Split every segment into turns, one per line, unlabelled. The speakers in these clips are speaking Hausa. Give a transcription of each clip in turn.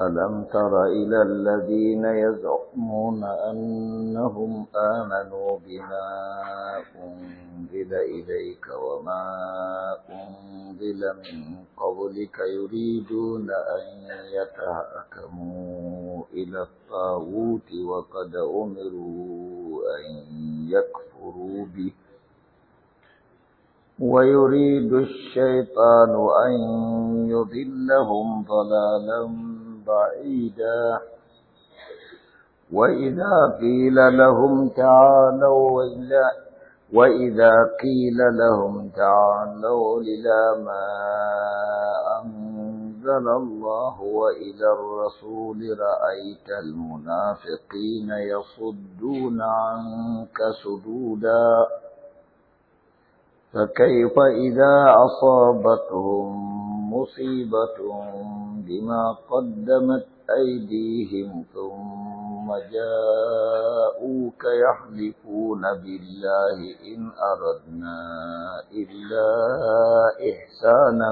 ألم تر إلى الذين يزعمون أنهم آمنوا بما أنزل إليك وما أنزل من قبلك يريدون أن يتحكموا إلى الطاغوت وقد أمروا أن يكفروا به ويريد الشيطان أن يضلهم ضلالا بعيدا وإذا قيل لهم تعالوا إلى وإذا قيل لهم تعالوا إلى ما أنزل الله وإلى الرسول رأيت المنافقين يصدون عنك سدودا فكيف إذا أصابتهم مصيبة بما قدمت أيديهم ثم جاءوك يحلفون بالله إن أردنا إلا إحسانا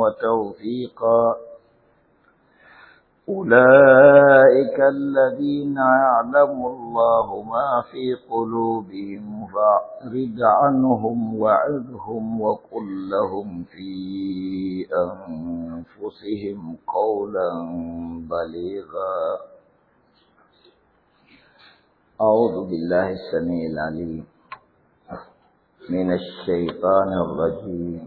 وتوفيقا أولئك الذين يعلم الله ما في قلوبهم فأعرض عنهم وعظهم وقل لهم في أنفسهم قولا بليغا أعوذ بالله السميع العليم من الشيطان الرجيم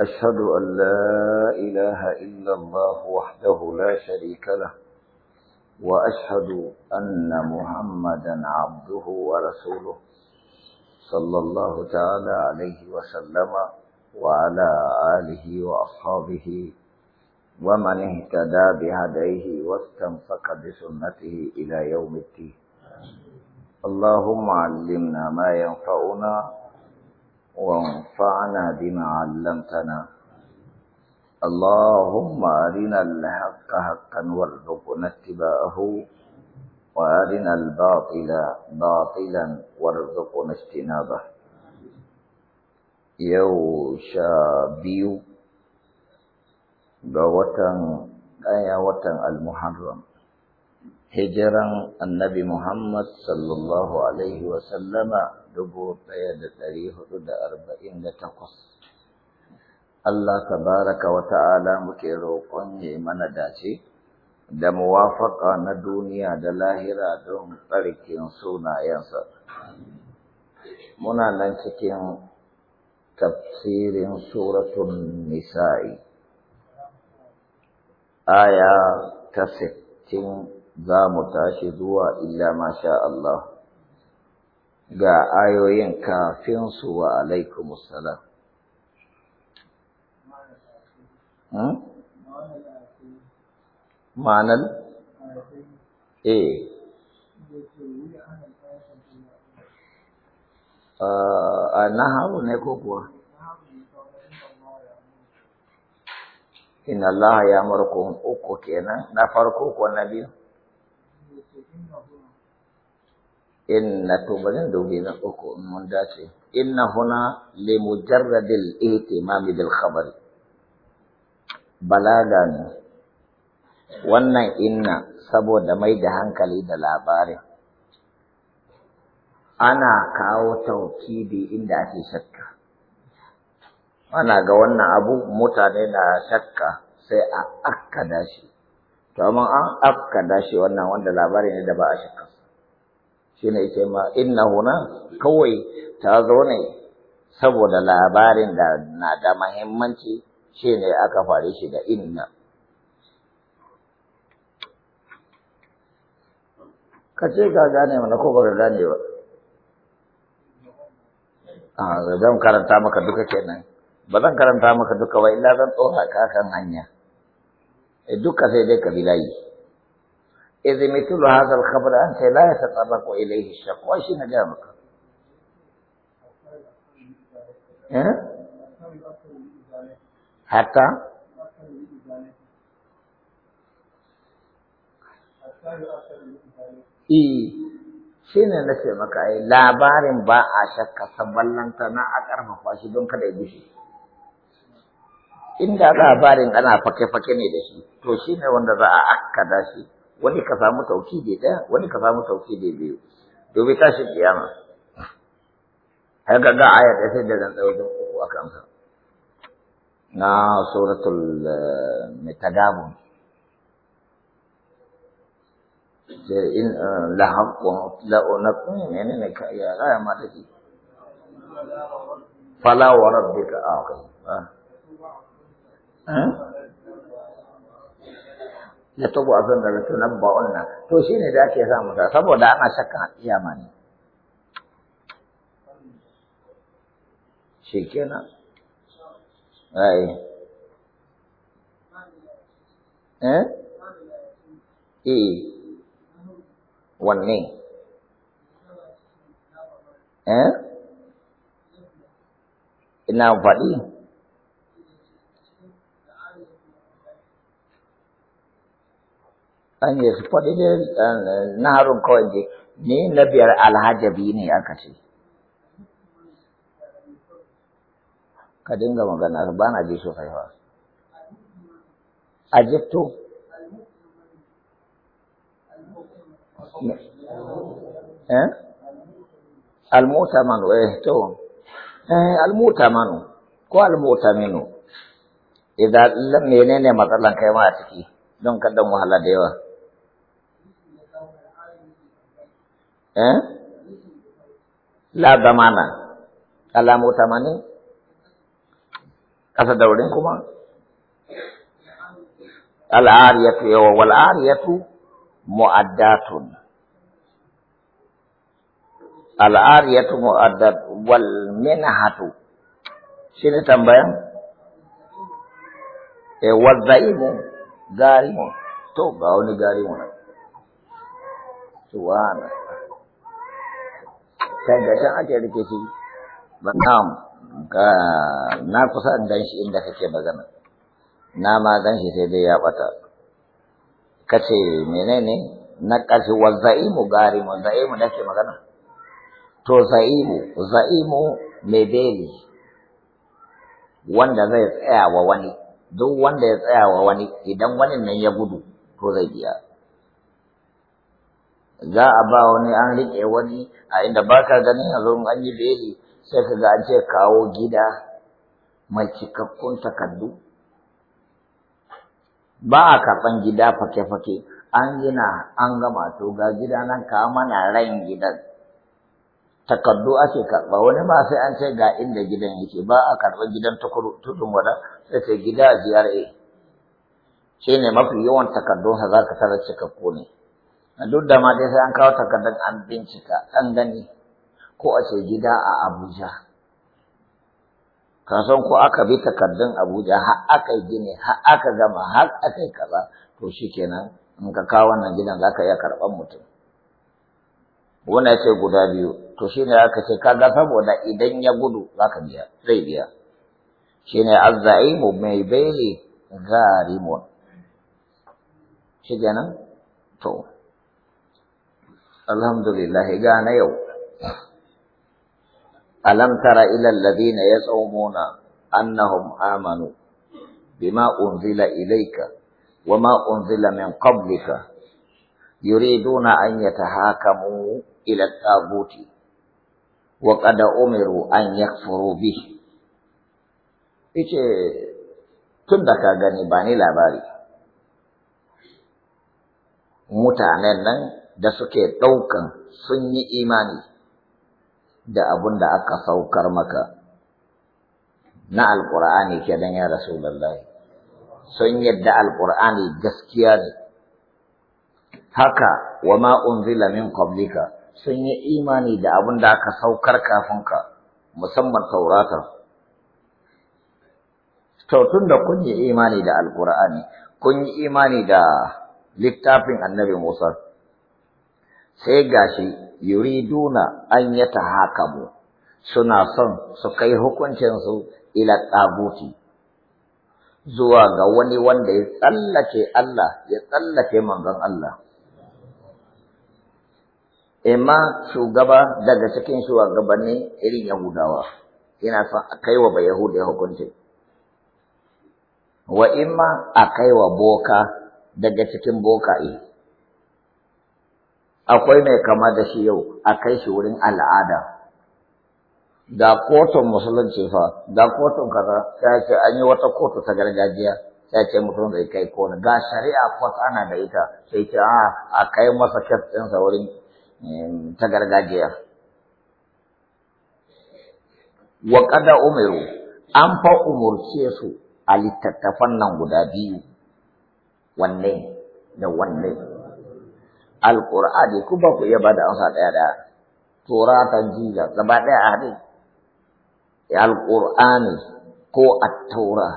أشهد أن لا إله إلا الله وحده لا شريك له وأشهد أن محمدا عبده ورسوله صلى الله تعالى عليه وسلم وعلى آله وأصحابه ومن اهتدى بهديه واستنفق بسنته إلى يوم الدين اللهم علمنا ما ينفعنا وانفعنا بما علمتنا اللهم أرنا الحق حقا وارزقنا اتباعه وأرنا الباطل باطلا وارزقنا اجتنابه يو شابيو بوتن أي وتن المحرم النبي محمد صلى الله عليه وسلم dubu ɗaya da ɗari hudu da arba'in da takwas. Allah ta baraka wa ta'ala muke roƙon ya mana dace da muwafaƙa na duniya da lahira don tsarkin sunayensa. Muna nan cikin tafsirin suratun nisa'i. Aya ta sittin za mu tashi zuwa illa masha Allah. ga ayoyin kafin su wa alaikumussalam. Hmm? Ma'anar? Eh. A ah, ne na farko ko inna to bazan dubi na uku mun dace inna huna li mujarradil ihtimami bil khabari balaga ne wannan inna saboda mai da hankali da labarin ana kawo taukidi inda ake shakka ana ga wannan abu mutane na shakka sai a akkada shi to amma an akkada shi wannan wanda labari ne da ba a shakka shi ne ke ma inna huna kawai ta zo ne saboda labarin da na da mahimmanci shi ne aka fari shi da inna ka ce ka gane mana ko ba ka gane ba a zan karanta maka duka kenan ba zan karanta maka duka ba illa zan tsora ka kan hanya eh, duka sai dai kabila yi إذ مثل هذا الخبر أنت لا يتطرق إليه الشق وإيش نجامك حتى إيه shi ne na ce maka ai labarin ba a shakka saballanta na a ƙarfafa shi don kada ya bushe inda labarin ana fake-fake ne da shi to shi ne wanda za a akkada wani ka samu taukidi daya wani ka samu taukidi biyu to dubi tashi kiyama haka ga aya da sai da dan ɗaya wajen uku a kansa na suratul mitagabun in la haqqu la unaqu ne ka ya ga ma take fala wa rabbika aqi ha na tabo a zan daga tunan ba'un nan to shi da ake samu ta saboda ana shakkan kiyama ne ai eh e. wanne eh ina faɗi an yi su ne na harun kawai ne ni na biyar alhajabi ne aka ce ka dinga magana ba na ji sosai ba jikto eh manu eh to eh manu ko minu idan ne menene matsalan kai ma a ciki don kadan wahala da yawa eh la zamana alamu tamanin ƙasa da wurin kuma al'ariyatu yawa wal'ariyatu mu'addatun al'ariyatu mu'addat wal minhatu shi ne tambayan e wazzaimu garimu to ga wani garimu subhana kan ga ake rike shi ba na kusa in inda kake magana na ma sai dai ya bata kace menene na kashi wa za'imu mu za'imu nake magana to za'imu za'imu mai beli wanda zai tsaya wa wani duk wanda ya tsaya wa wani idan wani nan ya gudu to zai biya za a ba wani an riƙe wani a inda ba ka ganin yanzu an yi beli sai ka ga an ce kawo gida mai cikakkun takardu ba a karɓan gida fake-fake an gina an gama to ga gida nan ka mana ran gidan takardu ake karɓa wani ma sai an ce ga inda gidan yake ba a karɓa gidan tutun wada sai ce gida a GRA shi ne mafi yawan takardunsa za ka tara cikakku ne duk da ma dai sai an kawo takardar an bincika an gani ko a ce gida a Abuja san ko aka bi takardun Abuja har aka yi gini har aka gama har aka yi kaza to shikenan in ka kawo wannan gidan zaka iya karɓar mutum wannan ce guda biyu to shine aka ce kaga saboda idan ya gudu zaka biya zai biya shine azzaimu mai bai zarimun shi kenan to alhamdulillah ga na yau alam tara ila alladhina yas'umuna annahum amanu bima unzila ilayka wama unzila min qablika yuriduna an yatahakamu ila at-taguti wa qad umiru an yakfuru bi. Ice tun da ka gani ba ni labari mutanen nan da suke ɗaukan sun yi imani da abun da aka saukar maka na alƙur'ani don ya lallai sun yadda alƙur'ani gaskiya ne haka wa ma'un zilamin min sun yi imani da abun da aka saukar kafin musamman taurata to da kun yi imani da alƙur'ani kun yi imani da littafin annabi Musa sai gashi yuriduna an yata hakamu suna son su kai hukuncinsu ila tsabuti zuwa ga wani wanda ya tsallake Allah ya tsallake manzon Allah Ima shugaba daga cikin shugabanni irin Yahudawa yana son a kaiwa ba Yahuda hukunci wa imma a kaiwa boka daga cikin boka'i akwai mai kama da shi yau a kai shi wurin al'ada da kotun musulunci fa da kotun kaza sai ce an yi wata kotu ta gargajiya sai ce mutum zai kai kona ga shari'a kot ana da ita sai ce a ah, a kai masa kes ɗinsa wurin ta gargajiya wa kada umiru an fa umurce su a littattafan nan guda biyu wanne da wanne alƙur'ani ku ba ku iya ba da amsa ɗaya ɗaya ta jiya gaba ɗaya a haɗe alƙur'ani ko At-tura.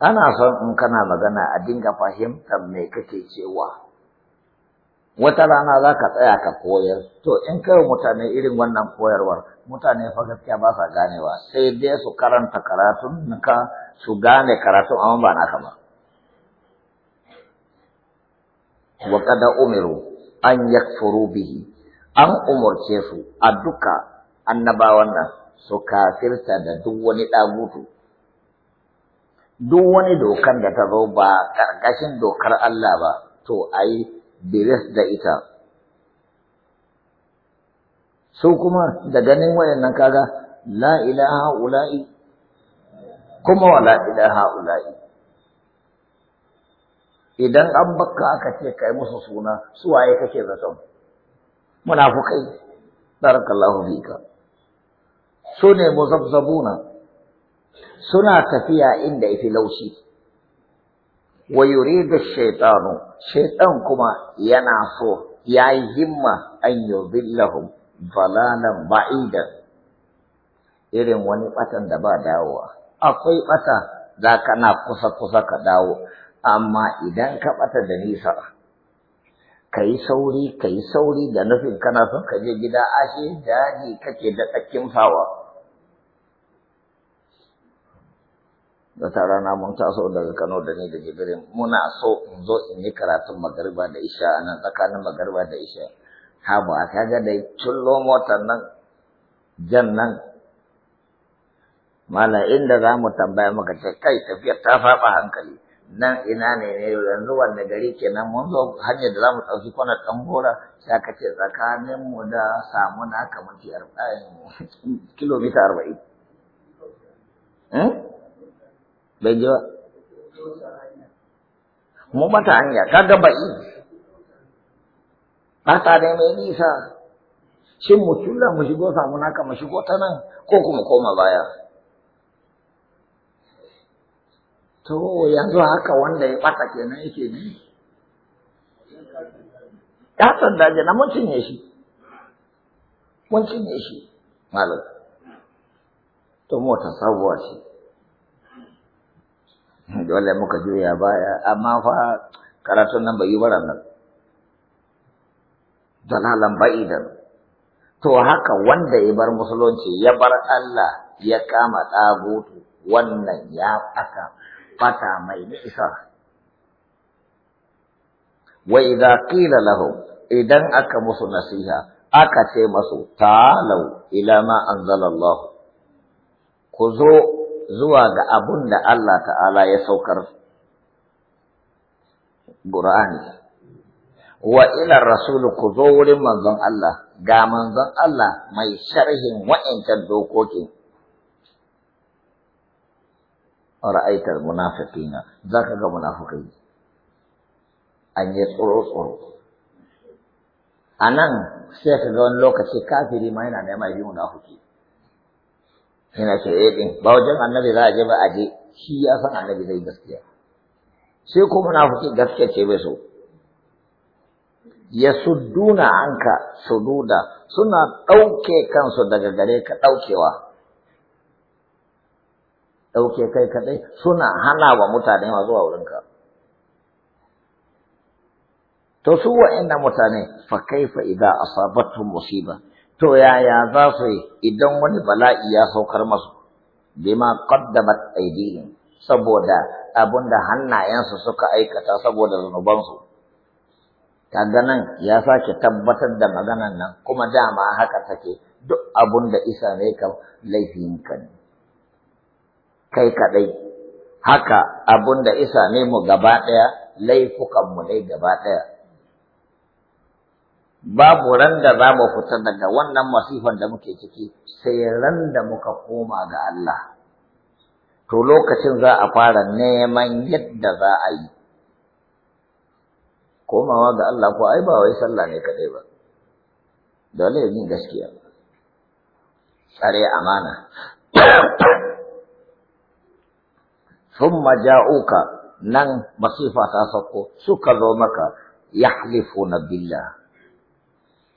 ana son in kana magana a dinga fahimtar me kake cewa wata rana za ka tsaya ka koyar to in kai mutane irin wannan koyarwar mutane fa gaskiya ba sa ganewa sai dai su karanta karatun ka su gane karatun amma ba na ba wa kada umiru an yakfuru bihi an umurce su a duka annabawan nan su kafirta da duk wani dagutu duk wani dokan da ta zo ba ƙarƙashin dokar Allah ba to a yi biris da ita su kuma da ganin wayannan kaga la ilaha ula'i kuma wala ilaha ula'i idan an bakka aka ce kai musu suna su waye kake zaton munafukai barakallahu fika su ne muzabzabuna suna tafiya inda yafi laushi wa yuridu shaytanu shaytan kuma yana so ya yi himma an yudillahum balanan ba'ida irin wani batan da ba dawowa akwai bata za na kusa kusa ka dawo amma idan ka ɓata da nisa ka sauri ka sauri da nufin kana son ka je gida ashe daji kake da tsakkin fawa tara rana mun taso daga Kano da ni da Jibrin muna so in zo in yi karatun magariba da isha a nan tsakanin magariba da isha ba a ga dai, tullo motar nan jan nan mala inda za mu tambaya maka ce kai tafiyar ta faɓa hankali nan ina ne ne yanzu wanne gari kenan mun zo hanyar da za mu ɗauki kwana ɗan gora sai aka ce tsakaninmu da samu na kamar kilomita arba'in. Hmm? Bai ji ba? Mu mata hanya, kaga ba'i. ba da mai nisa. Shin mu tura mu shigo samu na kamar shigo ta nan ko kuma koma baya. to yanzu haka wanda ya ɓata kenan yake ne ya daji na mun cinye shi mun cinye shi malam to mota sabuwa ce dole muka juya baya amma fa karatun nan bai yi bara nan dalalan da to haka wanda ya bar musulunci ya bar Allah ya kama ɗagutu wannan ya ɓata Fata mai nisa wa idza qila lahum idan aka musu nasiha aka ce masu ta'alau ila ma anzalallahu ku zo zuwa ga abunda da Allah ta'ala ya saukar Qur'ani wa ila rasul ku zo wurin manzon Allah ga manzon Allah mai sharhin wa'ancan dokokin ra'aitar munafiqina zaka ga munafiqai an yi tsoro tsoro anan sai ka ga wani lokaci kafiri ma yana neman yi munafiki yana ce eh din ba wajen annabi za a je ba a je shi ya san annabi zai gaskiya sai ko munafiki gaskiya ce bai so Ya yasudduna anka sududa suna ɗauke kansu daga gare ka ɗaukewa ɗauke kai kaɗai suna hana wa mutane ma zuwa wurinka. To su wa'inda mutane fa kaifa idan asabatu musiba to yaya za su yi idan wani bala'i ya saukar masu bima qaddamat aydihim saboda da hannayensu suka aikata saboda zunubansu kaga nan ya sake tabbatar da maganan nan kuma dama haka take duk da isa ne ka laifinka ne kai kaɗai haka abun da isa ne mu gaba ɗaya laifukanmu ne gaba ɗaya babu ran da za mu fita daga wannan masifan da muke ciki sai ran da muka koma ga Allah to lokacin za a fara neman yadda za a yi komawa ga Allah ko ai ba wai sallah ne kaɗai ba dole yin gaskiya tsare amana thumma ja'uka nan masifa ta sauko suka zo maka na billah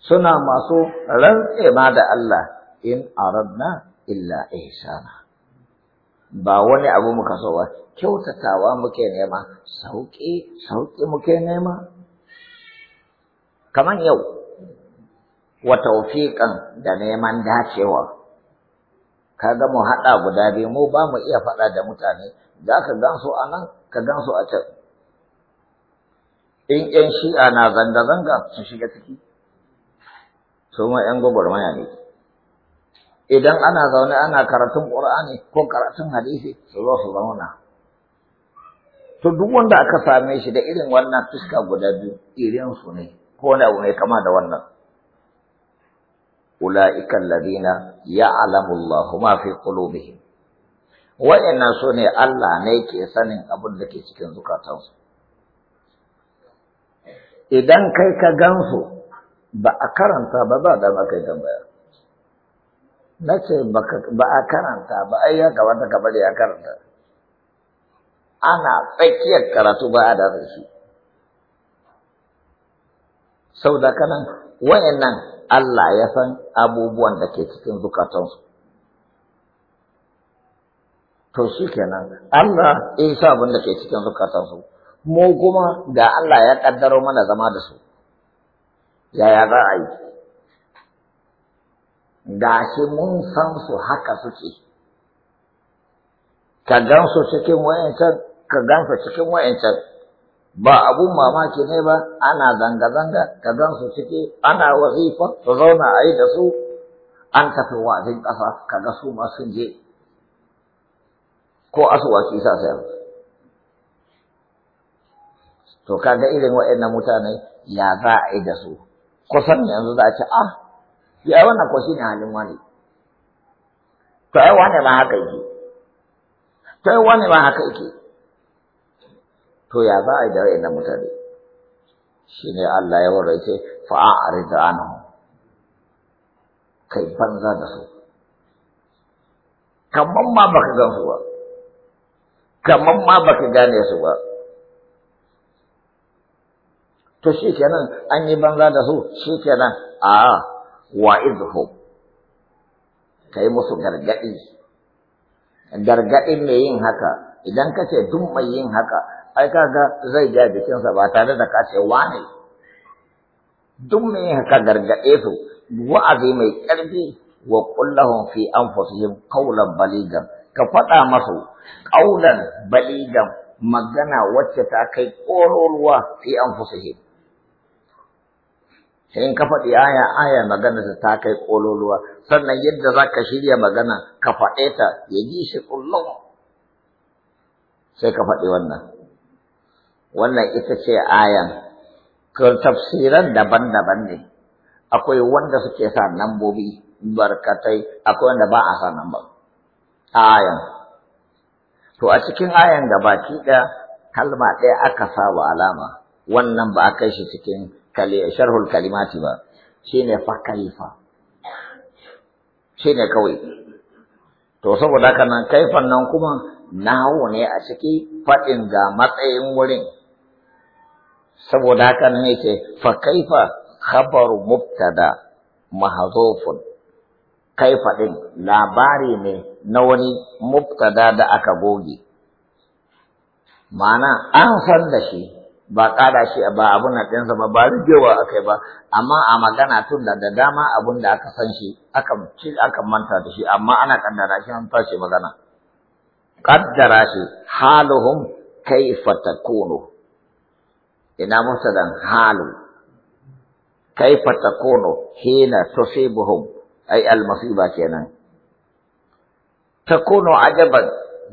suna masu rantse ma da Allah in aradna illa ihsana ba wani abu muka so ba kyautatawa muke nema sauki sauki muke nema kaman yau wa taufiƙan da neman dacewa kaga mu haɗa guda biyu mu ba mu iya faɗa da mutane za ka su a nan ka gan su a can in ƴan shi'a na zanga-zanga su shiga ciki su ma ƴan gwagwarmaya ne idan ana zaune ana karatun ƙur'ani ko karatun hadisi su zo su zauna to duk wanda aka same shi da irin wannan fuska guda biyu irin su ne ko wani abu mai kama da wannan ula'ika Ladina ya'lamu Allahu ma fi qulubihim wa'annan su ne Allah ne ke sanin abin da ke cikin zukatansu idan kai ka gansu ba a karanta ba ba da maka kai tambaya na ce ba a karanta ba ai ya kamata ka bari a karanta ana tsakiyar karatu ba a dara shi sau da kanan wayannan Allah ya san abubuwan da ke cikin zukatansu to shi kenan Allah ya sa abin da ke cikin su, mu kuma ga Allah ya kaddaro mana zama da su yaya za a yi Gashi mun san su haka suke ka su cikin wayancan ka gansu cikin wayancan ba abun mamaki ne ba ana zanga-zanga ka gansu ciki ana wazifa su zauna a yi da su an tafi wazin ƙasa kaga su ma sun je ko asuwaki sa sayar to kaga irin waɗannan mutane ya za a yi da su kusan yanzu za a ce ah ya wannan ko shine halin wani to ai wani ba haka yake to ai wani ba haka yake to ya za a yi da waɗannan mutane shine Allah ya a fa'arid anhu kai banza da su kamar ma baka gan su ba kamar ma baka gane su ba to shi kenan an yi banza da su shi kenan a wa ka yi musu gargaɗi, gargadin mai yin haka idan ka ce duk mai yin haka ai kaga zai ja jikinsa ba tare da ka ce wane duk mai yin haka gargaɗe su wa'azi mai ƙarfi wa kullahum fi anfusihim kaulan baligan ka faɗa masu ƙaunar ga magana wacce ta kai ƙororuwa fi an fusahim. Sai in ka faɗi aya aya magana ta kai ƙololuwa, sannan yadda za ka shirya magana ka faɗe ta ya ji shi kullum. Sai ka faɗi wannan. Wannan ita ce ayan, tafsiran daban-daban ne, akwai wanda suke sa nambobi barkatai, akwai wanda ba a sa nambobi. Ayan, To a cikin ayan gabaki da kalma ɗaya aka sawa alama, wannan ba a kai shi cikin sharhul kalimati ba, shi ne fa kaifa, shi ne kawai. To saboda haka nan kaifan nan kuma nawo ne a ciki faɗin ga matsayin wurin. Saboda haka nan ce, fa kaifa khabaru mubtada mahzufun kaifa ɗin labari ne na wani mubtada da aka goge ma'ana an san da shi ba ƙara shi ba abun na ɗinsa ba ba rigewa aka yi ba amma a magana tun da dama abun da aka san shi aka ci manta da shi amma ana kaddara shi an tashi magana kaddara shi haluhum kaifa takunu ina mutadan halu kaifa takunu hina tusibuhum ai al-musiba kenan takunu ajaban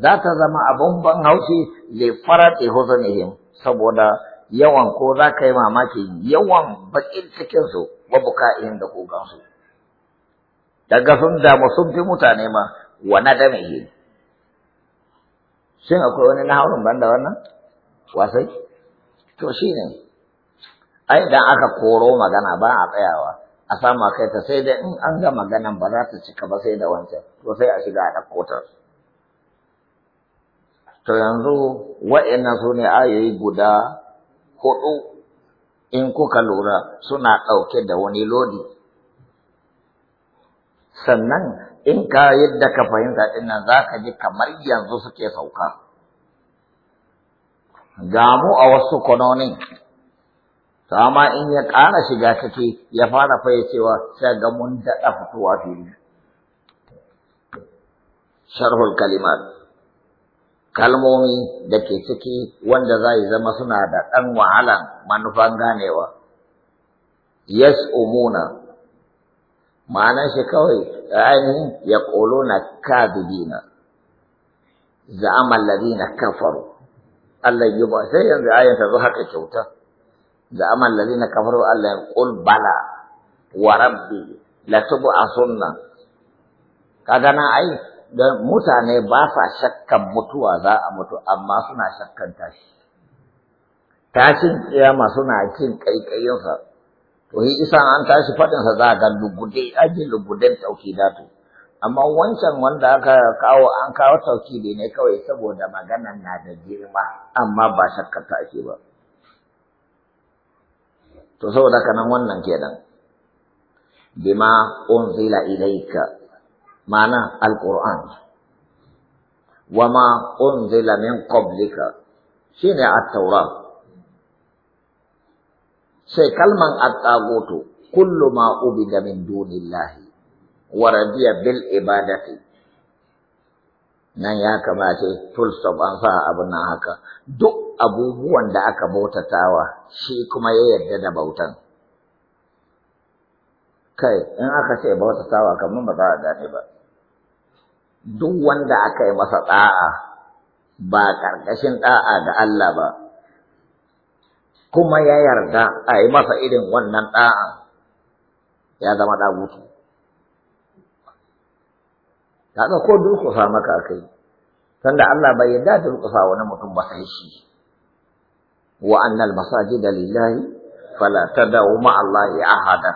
za ta zama abun ban haushi li farati huzunihim saboda yawan ko za ka yi mamaki yawan bakin cikin su buka buka'in da kokan su daga sun damu sun fi mutane ma wa nadamihi shin akwai wani na haurin banda wannan wasai to shine ai dan aka koro magana ba a tsayawa a sama kai ta sai da in an ga maganan ba za ta cika ba sai da wancan to sai a shiga a ɗauko ta to yanzu wa'annan su ne ayoyi guda huɗu in kuka lura suna ɗauke da wani lodi sannan in ka yadda ka fahimta ɗinnan, zaka za ka ji kamar yanzu suke sauka Gamu a wasu kwanonin to amma in ya ƙara shiga kake ya fara fayyacewa sai ga mun daɗa fitowa fili sharhul kalimat kalmomi da ke ciki wanda za yi zama suna da ɗan wahalan manufan ganewa yes umuna ma'anar shi kawai ainihin ya ƙolo na kadibina za'amal ladina kafaru Allah yi ba sai yanzu ayan ta zo haka kyauta da amal kamar kafaru Allah kul bala wa rabbi la tub'asunna kaga na ai da mutane ba sa shakkan mutuwa za a mutu amma suna shakkan tashi tashin kiyama suna cin kaikayinsa to yi isa an tashi faɗinsa za a ga lugude aji luguden tauki datu amma wancan wanda aka kawo an kawo tauki ne kawai saboda maganan na da girma amma ba shakkan tashi ba to saboda haka nan wannan kenan bima unzila ilayka ma'ana alquran wa ma unzila min qablika shine at-taurat sai kalman at-tagutu kullu ma ubida min dunillahi wa radiya bil ibadati nan ya kamace full stop an sa abin nan haka duk abubuwan da aka bautatawa shi kuma ya yarda da bautan kai in aka ce bautatawa kamar ba za a gane ba duk wanda aka yi masa ɗa'a ba ƙarƙashin ɗa'a ga Allah ba kuma ya yarda a yi masa irin wannan da'a ya zama ɗagutu kaga ko durƙusa maka kai, sanda Allah bai yadda durƙusa wani mutum ba sai shi wa annal masajid lillahi fala tad'u ma Allahi ahada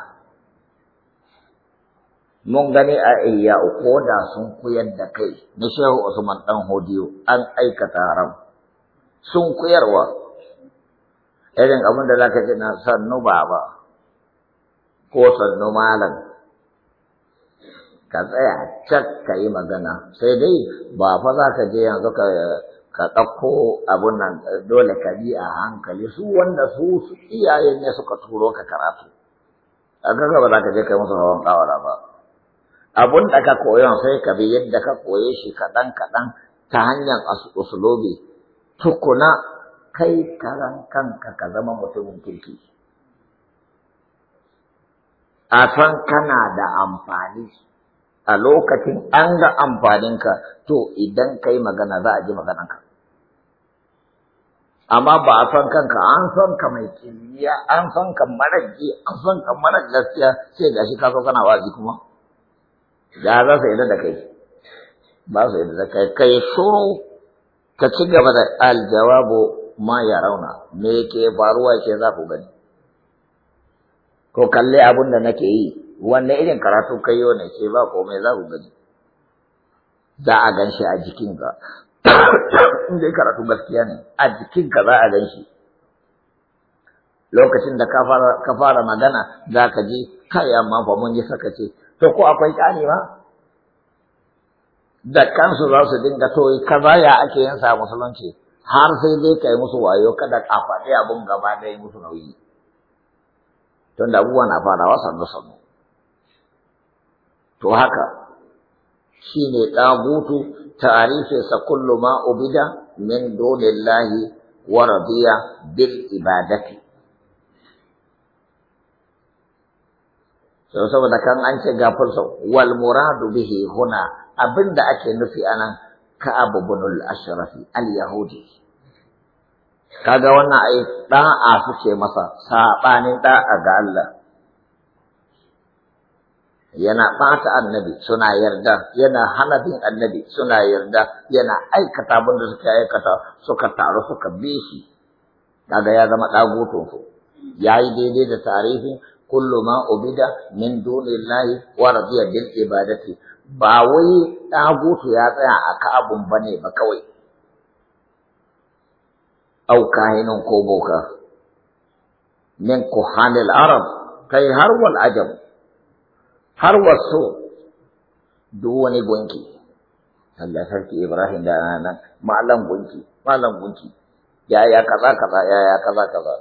mun gani a iya ko da sun koyar da kai na shehu Usman dan Hodiyo an aikata haram sun kuyarwa irin abin da zaka ji na sannu baba ko sannu malam ka tsaya cak ka yi magana sai dai ba fa za ka je yanzu ka ka ɗauko abun nan dole ka bi a hankali su wanda su su iyayen ne suka turo ka karatu a kaga ba za ka je kai musu hawan kawara ba abun da ka koyon sai ka bi yadda ka koye shi kaɗan kaɗan ta hanyar usulobi tukuna kai karan kanka ka zama mutumin kirki a san kana da amfani a lokacin an ga amfaninka to idan kai magana za a ji ka. amma ba a san kanka an san ka mai kimiyya an san ka marar an san ka marar gaskiya sai ga shi kaso kana wazi kuma Ya za su da kai ba su yadda da kai kai shuru ka ci gaba da aljawabo ma ya rauna me ke faruwa ke za ku gani ko kalli abin da nake yi wanne irin karatu kai yau ne ce ba komai za ku gani za a gan shi a jikinka in dai karatu gaskiya ne a jikinka za a gan shi lokacin da ka fara magana za ka ji kai amma fa mun yi saka ce to ko akwai kani ma da kansu za su dinga to kaza ya ake yin sa musulunci har sai dai kai musu wayo kada ka faɗi abun gaba ɗaya musu nauyi tunda abubuwa na farawa sannu sannu to haka shine dagutu ta'arifinsa kullu ma ubida min dunillahi wa radiya bil ibadati sau saboda kan an ce gafar sau wal muradu bihi huna abinda ake nufi anan ka abu bunul ashrafi al-yahudi kaga wannan ai da'a suke masa saɓanin ɗa'a ga Allah yana ɓata annabi suna yarda yana hana bin annabi suna yarda yana aikata abin da suka aikata suka taru suka bi shi kaga ya zama ɗagutun su ya yi daidai da tarihin kullu ma ubida min dunillahi wa radiya bil ibadati ba wai ɗagutu ya tsaya a ka'abun bane ba kawai au kahinun ko boka min kuhanil arab kai har wal ajam har wasu duk wani gunki Allah sarki Ibrahim da nan malam gunki malam gunki yaya kaza kaza yaya kaza kaza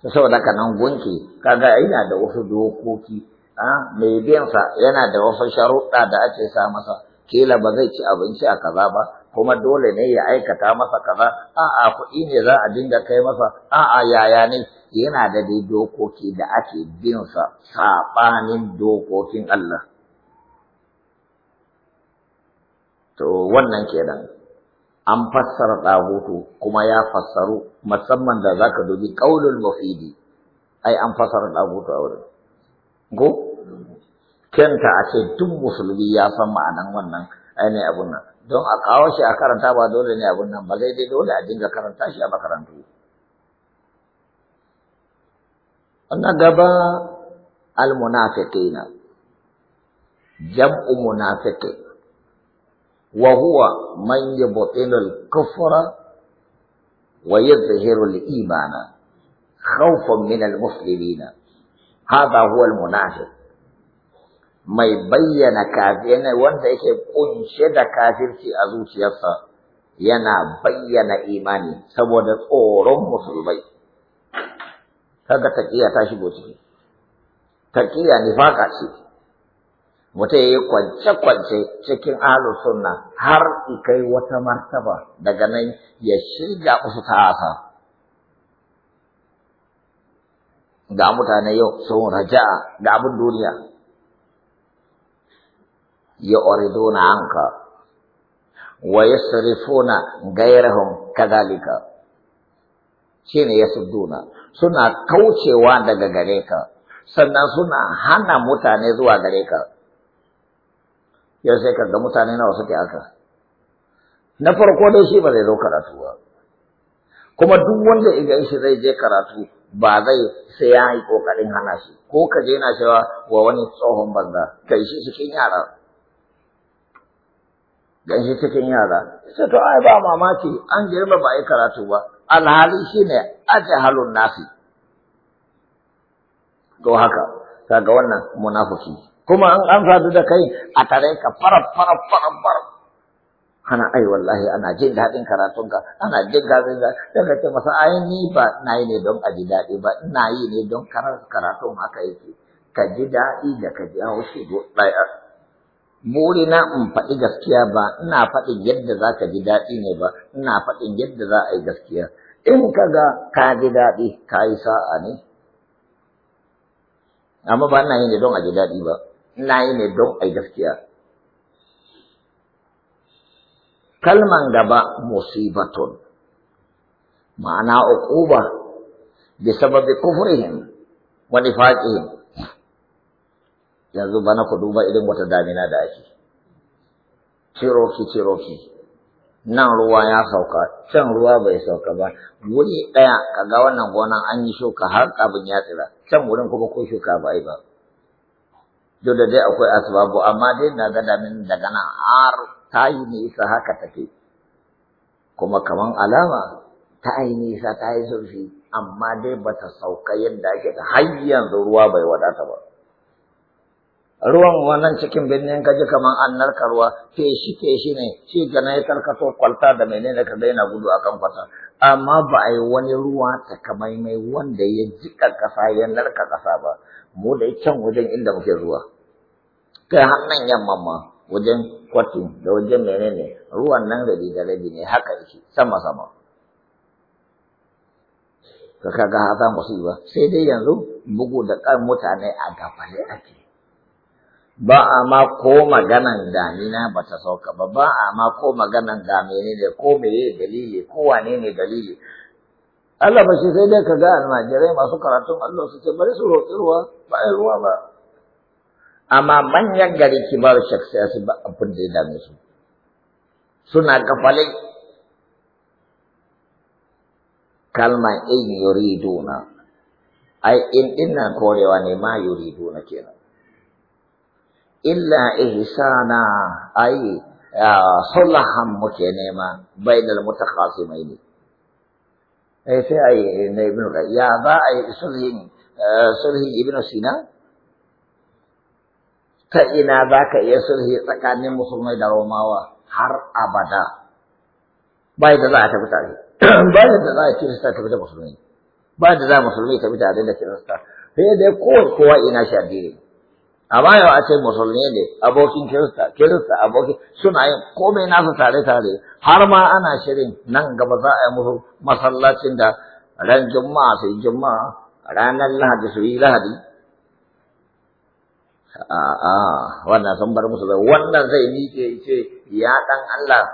to saboda haka nan gunki kaga yana da wasu dokoki a mai biyan sa yana da wasu sharuɗa da ake sa masa kila ba zai ci abinci a kaza ba kuma dole ne ya aikata masa kaza a'a kuɗi ne za a dinga kai masa a'a yaya ne yana da dai dokoki da ake bin sa saɓanin dokokin Allah to wannan kenan an fassara ɗagutu kuma ya fassaru musamman da zaka dubi qaulul mufidi ai an fassara ɗagutu a wurin go kenta a ce duk musulmi ya san ma'anan wannan ainihin abun nan don a kawo shi a karanta ba dole ne abun nan ba zai dai dole a dinga karanta shi a makarantu anna gaba al munafiqina jam'u munafiqi wa huwa man yubtilu al-kufra wa yadhhiru al-imana khawfan min al-muslimina hadha huwa al mai bayyana kafin wanda yake kunshe da kafirci a zuciyarsa yana bayyana imani saboda tsoron musulmai kaga taƙiya ta shigo ciki ni nifaka ce mutum ya yi kwance-kwance cikin ahlus sunna har kai wata martaba daga nan ya shiga usu ta'asa. ga mutane yau sun raja'a ga abin duniya يعرضون عنك ويصرفون غيرهم كذلك شين يسدون Suna kaucewa daga gareka. sannan suna hana mutane zuwa gareka. ka yau sai ka ga mutane nawa suke haka na farko dai shi ba zai zo karatu ba kuma duk wanda idan shi zai je karatu ba zai sai ya yi kokarin hana shi ko ka je na cewa wa wani tsohon banza kai shi cikin yara ganshi cikin yara sai to ai ba mamaki an girma ba yi karatu ba alhali shine halun nasi to haka kaga wannan munafiki kuma an an da kai a tare ka farab farab farab farab ana ai wallahi ana jin daɗin karatunka ana jin daɗin da daga ce masa ai ni ba na yi ne don a ji daɗi ba ina ne don karatun haka yake ka ji daɗi da ka ji haushi ɗaya burina in faɗi gaskiya ba ina faɗin yadda za ka ji daɗi ne ba ina faɗin yadda za a yi gaskiya in ka ga ka ji daɗi ka yi sa'a ne amma ba ina yi ne don a ji daɗi ba ina yi ne don a yi gaskiya kalman gaba musibatun ma'ana uquba bi sababi kufrihim wa nifaqihim yanzu bana ku duba idan wata damina da ake ciroki ciroki nan ruwa ya sauka can ruwa bai sauka ba wuri ɗaya kaga wannan gonan an yi shuka har abin ya tsira can wurin kuma ko shuka ba yi ba duk da dai akwai asbabu amma dai na ga damin daga nan har ta yi nisa haka take kuma kamar alama ta yi nisa ta yi zurfi amma dai bata sauka yadda ake ta har yanzu ruwa bai wadata ba ruwan wannan cikin birnin kaji kaman an narka ruwa feshi feshi ne shi gana ya karkato kwalta da menene ka daina gudu akan kwata amma ba a yi wani ruwa mai wanda ya jika kasa ya narka kasa ba mu da can wajen inda muke zuwa kai hannun yamma ma wajen kwatu da wajen menene ruwan nan rabi da rabi ne haka yake sama sama ka kaga haza ba sai dai yanzu bugu da kan mutane a gafale ake ba a ma ko maganan damina ba ta sauka ba ba a ma ko maganan damine ne ko meye dalili ko wane ne dalili Allah ba shi sai dai ka ga almajirai masu karatun Allah su ce bari su roƙi ruwa ba a ruwa ba amma manyan gari kibar shaksiya su ba abin da ya dame su suna kafalai kalma in yuriduna ai in dinna korewa ne ma yuriduna kenan illa ihsana ai sulahan muke nema bainal mutaqasimain eh sai ai ne ibn ya ba ai sulhin sulhi ibn sina ta ina za ka iya sulhi tsakanin musulmai da romawa har abada bai da za a tafi tare bai da za a kirista tafi da musulmai bai da za musulmai tafi tare da kirista sai dai kowa kowa ina shi addini amma yau a ce musulmi ne abokin kirista kirista abokin suna yin komai nasu tare tare har ma ana shirin nan gaba za a yi musu masallacin da ran juma'a su yi juma'a ranar lahadi su yi lahadi a'a wannan sun bar musu wannan zai miƙe ce ya dan Allah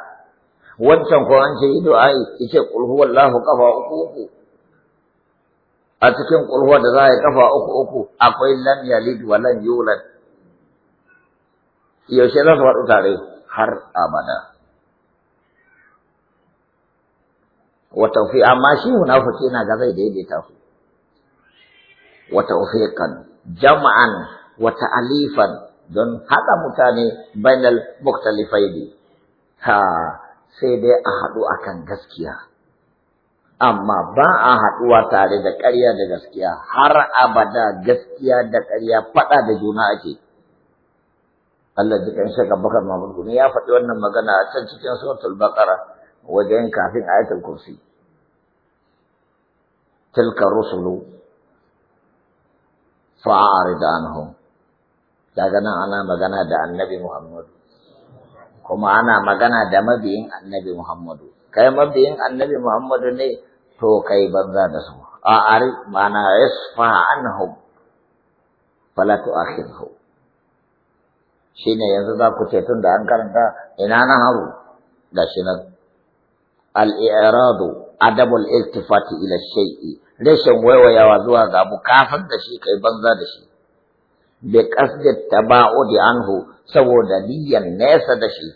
wancan ko an ce yi du'a yace qul huwallahu qafa uku uku a cikin ƙulhuwa da za a yi ƙafa uku uku akwai lam yalid wa lam yulad yaushe za su faɗu tare har abada wa tawfi amma shi munafiki na ga zai daidaita su wa tawfiqan jama'an wa ta'alifan don haɗa mutane bainal muktalifaini ha sai dai a haɗu akan gaskiya amma ba a haɗuwa tare da ƙarya da gaskiya har abada gaskiya da ƙarya faɗa da juna ake Allah ji kan shaka bakar mamud ne ya faɗi wannan magana a can cikin suratul baqara wajen kafin ayatul kursi tilka rusulu fa'arid anhum daga nan ana magana da annabi Muhammad kuma ana magana da mabiyin annabi Muhammadu kai mabiyin annabi Muhammadu ne to kai banza da su a ari mana yasfa anhum fala tu'akhirhu shine yanzu za ku ce tun da an karanta ina na haru da shi nan al-i'radu adabul iltifati ila shay'i rashin waiwayawa zuwa ga abu kafin da shi kai banza da shi bi qasdi taba'udi anhu saboda niyyan nesa da shi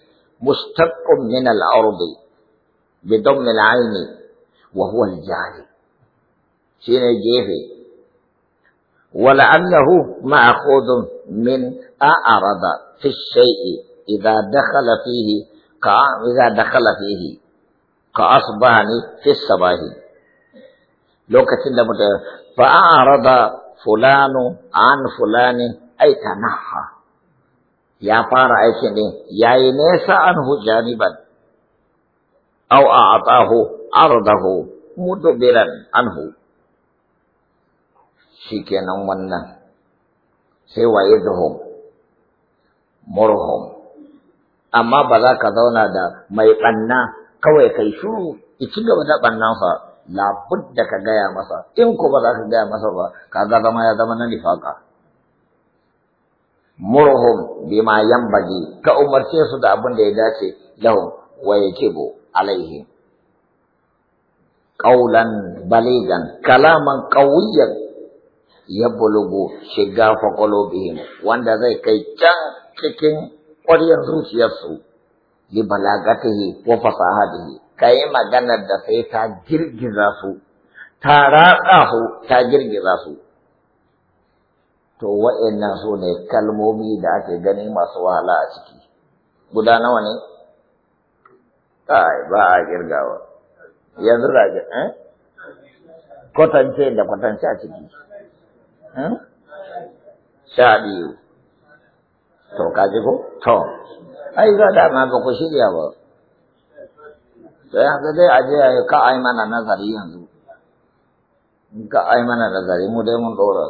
mustaqqim min al-ardi bi damm al-'aini وهو الجاني شين جيفي ولعله مأخوذ من أعرض في الشيء إذا دخل فيه كا إذا دخل فيه كأصبحني في الصباح لو كتن فأعرض فلان عن فلان أي تنحى يا فار أي يا إنيس عنه جانبا أو a عرضه مدبرا عنه شكنا Sai سوى يدهم مرهم amma ba za ka zauna da mai ɓanna kawai kai shuru ki ci gaba da ɓannansa labud da ka gaya masa in ko ba za ka gaya masa ba Ka ga zama ya zama na nifaka murhum bima yambagi ka umarce su da abun da ya dace lahum wa yakibu alaihi Ƙaulan baligan, kalaman ƙauyen ya bulugu shiga fakwalobihin wanda zai kai can cikin ƙwaryar zuciyarsu, yi balagatihi ko fasahadihi, ka yi maganar da sai ta girgiza su, ta ratsa su, ta girgiza su. To wa’yan su ne kalmomi da ake gani masu wahala a ciki. Guda nawa ne? kai ba a kirgawa yanzu da ga eh kwatance da kwatance a ciki eh sha biyu to kaji ko to ai ga da ma ba ku shirya ba sai haka dai a je ka ai mana nazari yanzu in ka ai mana nazari mu dai mun dora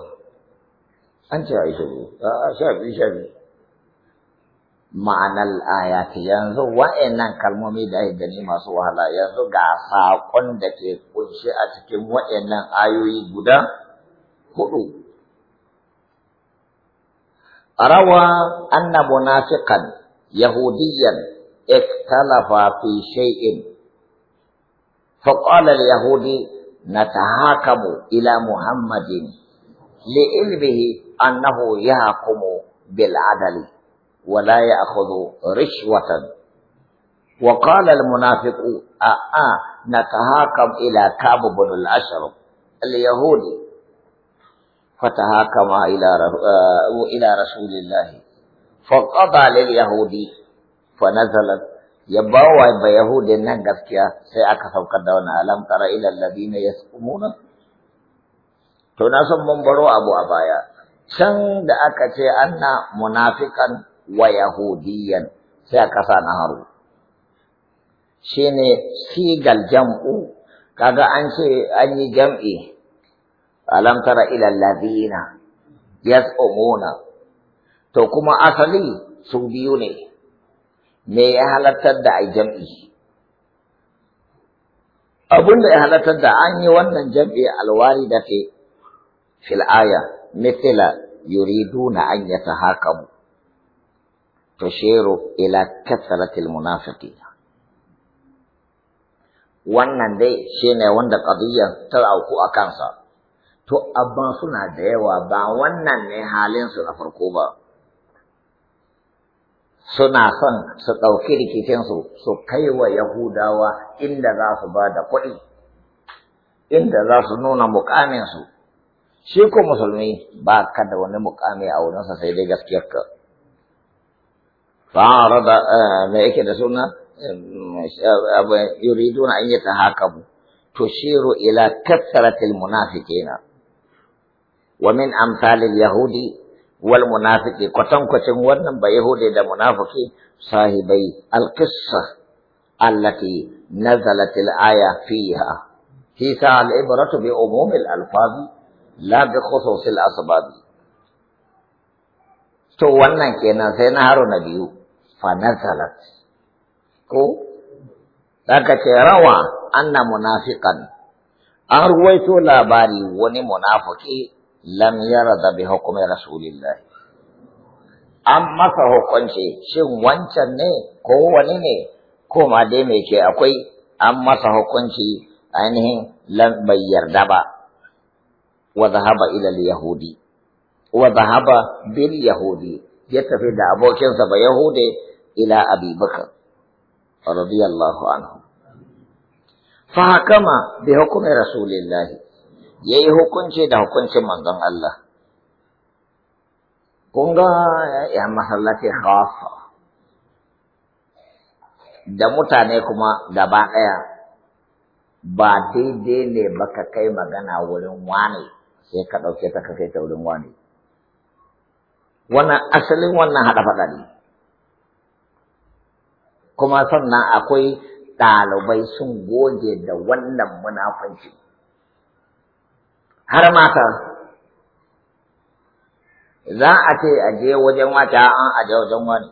an ce a yi shiru a sha biyu sha biyu معنى الآيات ينزو وإن كالمومي داي دني ما سوها لا ينزو غا ساقن دكي قنشي أتكم وإن آيوي قدا قدو روى أن منافقا يهوديا اختلف في شيء فقال اليهودي نتحاكم إلى محمد لعلمه أنه يحكم بالعدل ولا يأخذ رشوة وقال المنافق آآ نتهاكم إلى كعب بن الأشرف اليهودي فتهاكم إلى رسول الله فقضى لليهودي فنزلت يبوا بيهود النجف كيا سيأكثر قدونا ألم ترى إلى الذين يسقمون تناسب من برو أبو أبايا سند دعك أن منافقا ويهوديا سيكسا نهارو شيني سيغ الجمع كاغا انشي اني جمعي الم ترى الى الذين يزعمون توكما اصلي سوديوني مي اهل تدعي جمعي أبن أهل تدعى وانا جمعي الواردة في الآية مثل يريدون أن يتهاكموا tashiru ila kasratil munafiqin wannan dai shine wanda qadiyya ta auku a kansa to abban suna da yawa ba wannan ne halin su na farko ba suna son su ɗauki rikicinsu su kai wa Yahudawa inda za su ba da kuɗi, inda za su nuna muƙaminsu. shi ko musulmi ba ka da wani mukami a wurinsa sai dai gaskiyarka. فأعرض آه، ملك رسولنا آه، يريدون أن يتهاكموا تشير إلى كثرة المنافقين ومن أمثال اليهود والمنافق قطن قطن ونن بيهود دا منافقي صاحبي القصة التي نزلت الآية فيها هي العبرة بعموم الألفاظ لا بخصوص الأسباب تو ونن كينا سينا هارو نبيو فنزلت ko daga ce rawa anna munafiqan an ruwaito labari wani munafiki lam da bi rasulillah an masa hukunci shin wancan ne ko wani ne ko ma dai me ke akwai an masa hukunci ainihin lam bai yarda ba wa zahaba ila yahudi wa zahaba bil yahudi ya tafi da abokinsa ba yahudi ila Abi Bakar radiyallahu anhu fa hakama bi hukmi rasulillahi yayi hukunci da hukuncin manzon Allah kun ga ya masallaci khafa da mutane kuma gaba ɗaya ba daidai ne ba kai magana wurin wani sai ka ɗauke ta ka kai ta wurin wani wannan asalin wannan haɗa faɗa ne kuma sannan akwai ɗalibai sun goge da wannan munafanci har mata za a ce a je wajen wata an je wajen wani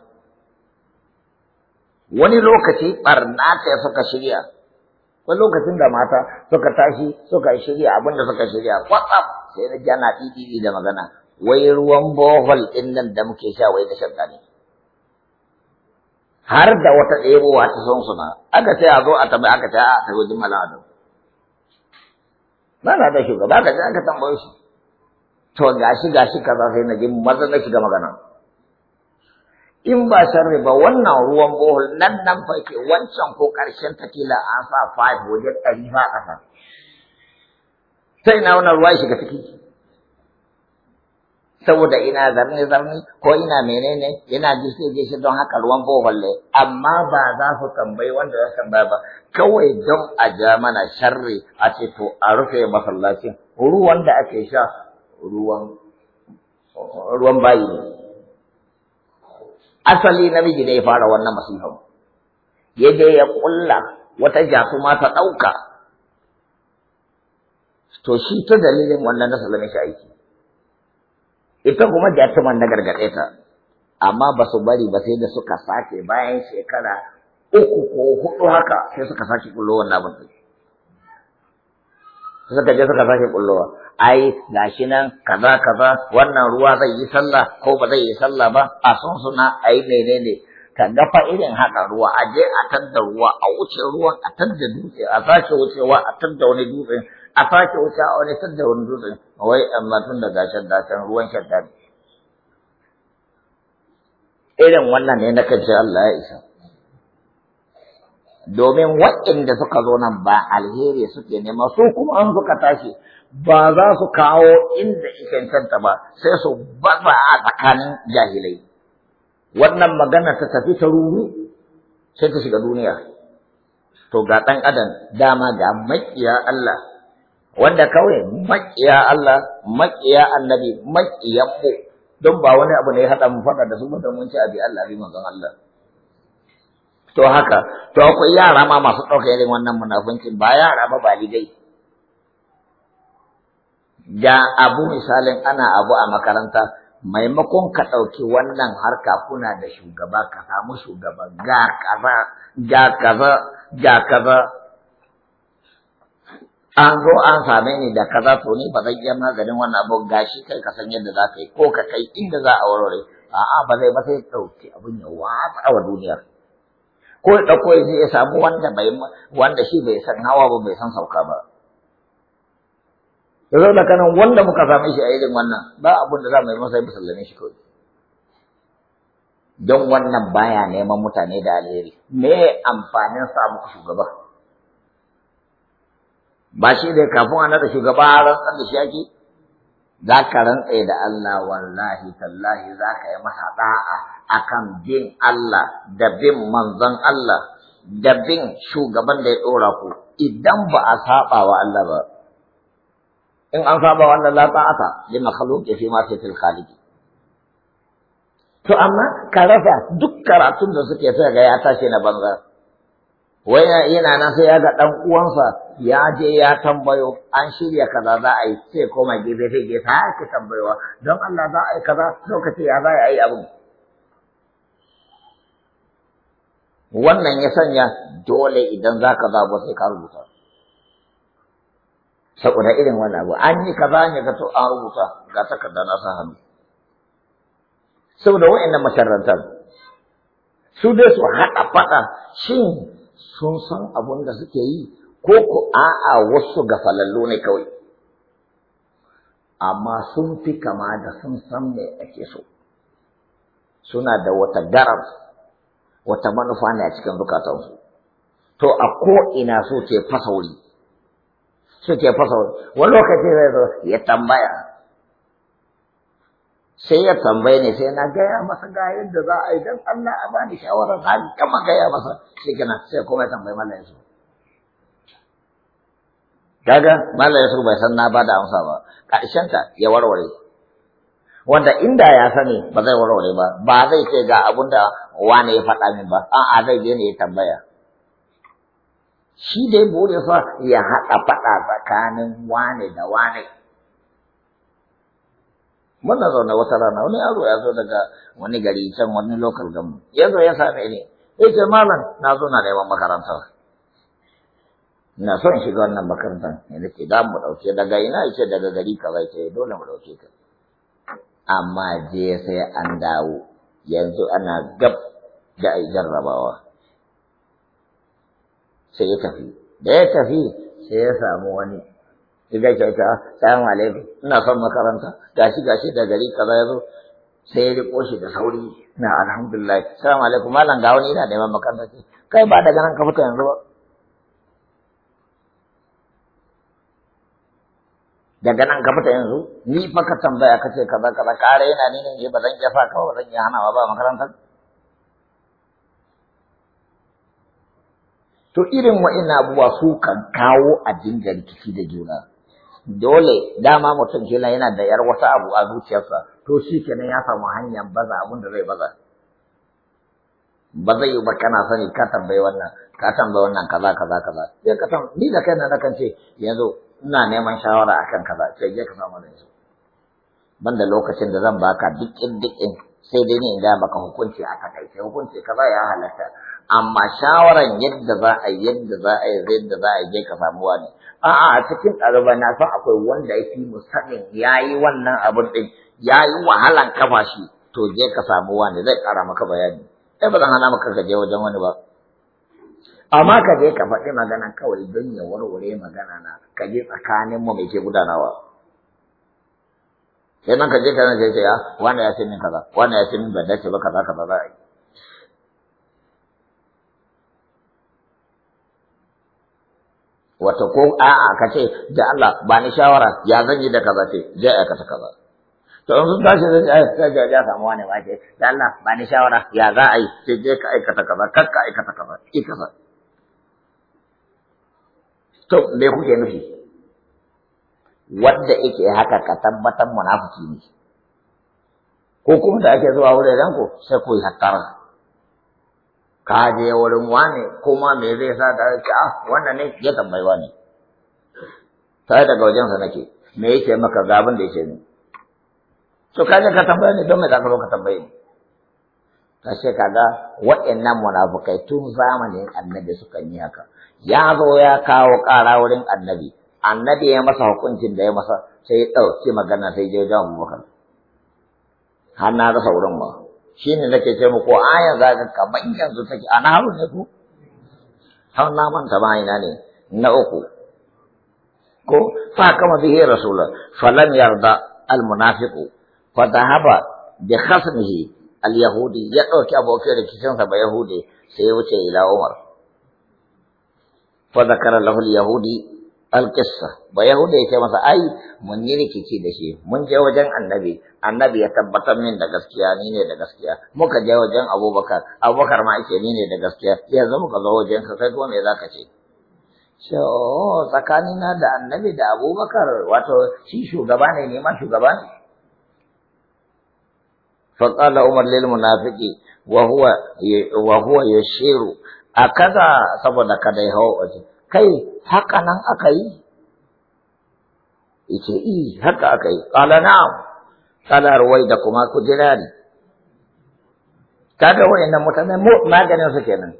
wani lokaci ɓarna ta suka shirya wani lokacin da mata suka tashi suka shirya abinda suka shirya kwatsam sai na jana ɗiɗiɗi da magana wai ruwan bohol ɗin nan da muke sha wai da shakka ne har da wata ɗebowa ta son suna aka ce a zo a tabi aka ce a tabi wajen malam ba na da shugaba ka ce aka tambaye shi to gashi gashi kaza sai na ji maza na shiga magana in ba sharri ba wannan ruwan bohol nan nan fa ke wancan ko karshen takila an sa 5 wajen ɗari ba ƙasa sai na wannan ruwa shiga ciki saboda ina zarne zarne ko ina menene ina gishe gishe don haka ruwan boholle amma ba za su tambayi wanda za tambaya ba kawai don a ja mana sharri a ce to a rufe masallacin ruwan da ake sha ruwan ruwan bayi ne asali namiji ne ya fara wannan masifan ya je ya kulla wata jasuma ta ɗauka to shi ta dalilin wannan na salamin shi aiki ita kuma jatuman na gargaɗe ta amma ba su bari ba sai da suka sake bayan shekara uku ko hudu haka sai suka sake kullo wannan abin suka je suka sake kullowa ai gashi nan kaza kaza wannan ruwa zai yi sallah ko ba zai yi sallah ba a sun suna ai menene ka ga fa irin haka ruwa a je a tadda ruwa a wuce ruwan a tadda dutse a sake wucewa a tadda wani dutse a fashe wuta a wani sadda wani dutsen wai amma tun da gashin gashin ruwan shadda ne irin wannan ne na kace Allah ya isa domin waɗanda suka zo nan ba alheri suke nema su kuma an suka tashi ba za su kawo inda ikentanta ba sai su baza a tsakanin jahilai wannan magana ta tafi ta ruru sai ta shiga duniya to ga ɗan adam dama ga maƙiya Allah wanda kawai makiya Allah makiya annabi makiyan don ba wani abu ne ya haɗa mu faɗa da su ba don mun ci abi Allah bi manzon Allah
to haka to akwai yara
ma masu ɗauka irin wannan munafuncin ba yara ba balidai da abu misalin ana abu a makaranta maimakon ka ɗauki wannan harka kuna da shugaba ka samu shugaba ga kaza ga kaza ga kaza an zo an same ni da kaza to ni ba zan iya maganin wannan abu gashi kai ka san yadda za ka yi ko ka kai inda za a warware a'a ba zai ba sai ɗauki abin ya watsa wa duniyar ko ya ɗauko ya ya samu wanda bai wanda shi bai san hawa ba bai san sauka ba ya da kanan wanda muka same shi a irin wannan ba abin da za mu yi masa musallame shi kawai don wannan baya neman mutane da alheri me amfanin sa muku shugaba ba shi da kafin a naɗa shugaba a rantsar da shi ake za ka rantsa da Allah wallahi tallahi za ka yi masa a kan bin Allah da bin manzon Allah da bin shugaban da ya ɗora ku idan ba a saba wa Allah ba in an saba wa Allah la ta'ata li makhluqi fi ma fi khaliqi to amma ka rasa duk karatun da suke sai ga ya tashi na banza wai yana nan sai ya ga ɗan uwansa ya je ya tambayo an shirya kaza za a yi sai koma gefe sai gefe har ka tambayowa don Allah za a yi kaza lokaci ya za a yi abu. wannan ya sanya dole idan za ka zabo sai ka rubuta saboda irin wannan abu an yi kaza ne ga to an rubuta ga takarda na sa hannu saboda wa'annan masharrantar su dai su haɗa faɗa shin sun san abun da suke yi ko ku a'a wasu falallo ne kawai amma sun fi kama da sun san me ake so suna da wata garar wata manufa ne a cikin zukatansu to a ko ina so ce fasauri so ce fasauri wani lokaci zai zo ya tambaya sai ya tambaye ne sai na gaya masa ga yadda za a yi dan Allah a bani shawara ta gama gaya masa shi kenan sai kuma ya tambayi mallan yasu daga mallan yasu bai san na bada amsa ba karshen ya warware wanda inda ya sani ba zai warware ba ba zai ce ga abun da wane ya faɗa min ba a'a zai je ne ya tambaya shi dai sa ya haɗa faɗa tsakanin wane da wane muna zaune wata rana wani yaro ya zo daga wani gari can wani lokal gamu ya zo ya same ni ya ce malam na zo na neman makaranta na son shiga wannan makarantar ya ce da mu ɗauke daga ina ya ce daga gari ka zai ce dole mu ɗauke ka amma je sai an dawo yanzu ana gab da ai jarrabawa sai ya tafi da ya tafi sai ya samu wani idan kyauta ta salamu alaikum ina son makaranta gashi gashi da gari kaza yazo sai ya riko shi da sauri na alhamdulillah salamu alaikum malam ga wani ina yawan makaranta ce kai ba daga nan ka fita yanzu ba daga nan ka fita yanzu ni fa ka tambaya ka ce kaza kaza kare yana ni ne ba zan iya sa ka ba zan iya hanawa ba makarantar To irin wa'in abubuwa su kan kawo a dinga rikici da juna. dole dama mutum kila yana da yar wata abu a zuciyarsa to shi kenan ya samu hanyar baza abin da zai baza ba zai yi ba kana sani ka tambayi wannan ka tambayi wannan kaza kaza kaza ya ka ni da kaina na kan ce yanzu ina neman shawara akan kaza sai je ka samu yanzu ban da lokacin da zan baka duk duk sai dai ne da baka hukunci a sai hukunci kaza ya halatta amma shawaran yadda za a yadda za a yadda za a je ka samu wani a'a a cikin ɗaliban na san akwai wanda ya fi musanin ya yi wannan abin ɗin ya yi wahalan kafa shi to je ka samu wani zai ƙara maka bayani sai ba zan hana maka ka je wajen wani ba amma ka je ka faɗi magana kawai don ya warware magana na ka je tsakanin mu mai ke gudanawa. sai nan ka je ka je ah, ya wani ya ce min kaza wani ya ce min ban dace ba kaza kaza za a yi wato ko a'a ka ce da Allah ba ni shawara ya zan yi da kaza ce je a ta kaza to in sun tashi zai sai ga ya samu wani ba ce da Allah ba ni shawara ya za a yi sai je ka aikata kaza kar ka aikata kaza ki kaza to me kuke nufi wanda yake haka ka tabbatar munafiki ne ko kuma da ake zuwa wuraren ku sai ku yi hattara ka je wurin wani kuma me zai sa da ka ah, wannan ne ya tambayi wani. sai daga wajensa nake me yake maka gaban da yake ni to kaje ka tambaye ni don me zaka zo ka tambaye ni ga kaga nan munafukai tun zamanin annabi suka yi haka ya zo ya kawo ƙara wurin annabi annabi ya masa hukuncin da ya masa sai ya ɗauki magana sai je mu Abubakar har na rasa wurin ma ne nake ce muku ayan zaka kaman yanzu take ana haru ne ku har na manta ma ina ne na uku ko fa kama bihi rasulullah falam yarda al munafiqu fa dhahaba bi khasmihi al yahudi ya dauki da sa ba yahudi sai ya wuce ila umar fa zakara lahu al yahudi alƙissa ba yahuda ya ce masa ai mun yi rikici da shi mun je wajen annabi annabi ya tabbatar min da gaskiya ni ne da gaskiya muka je wajen abubakar abubakar ma ake ni ne da gaskiya yanzu muka zo wajen ka kai kuma me za ka ce ce o oh, tsakanina da annabi da abubakar wato shi shugaba ne neman ma shugaba ne فقال عمر للمنافق وهو وهو يشير هكذا saboda kada ya hawo waje kai haka nan aka yi yace i eh, haka aka yi qala na'am qala da kuma ku jirani kaga wayannan mutane maganin su kenan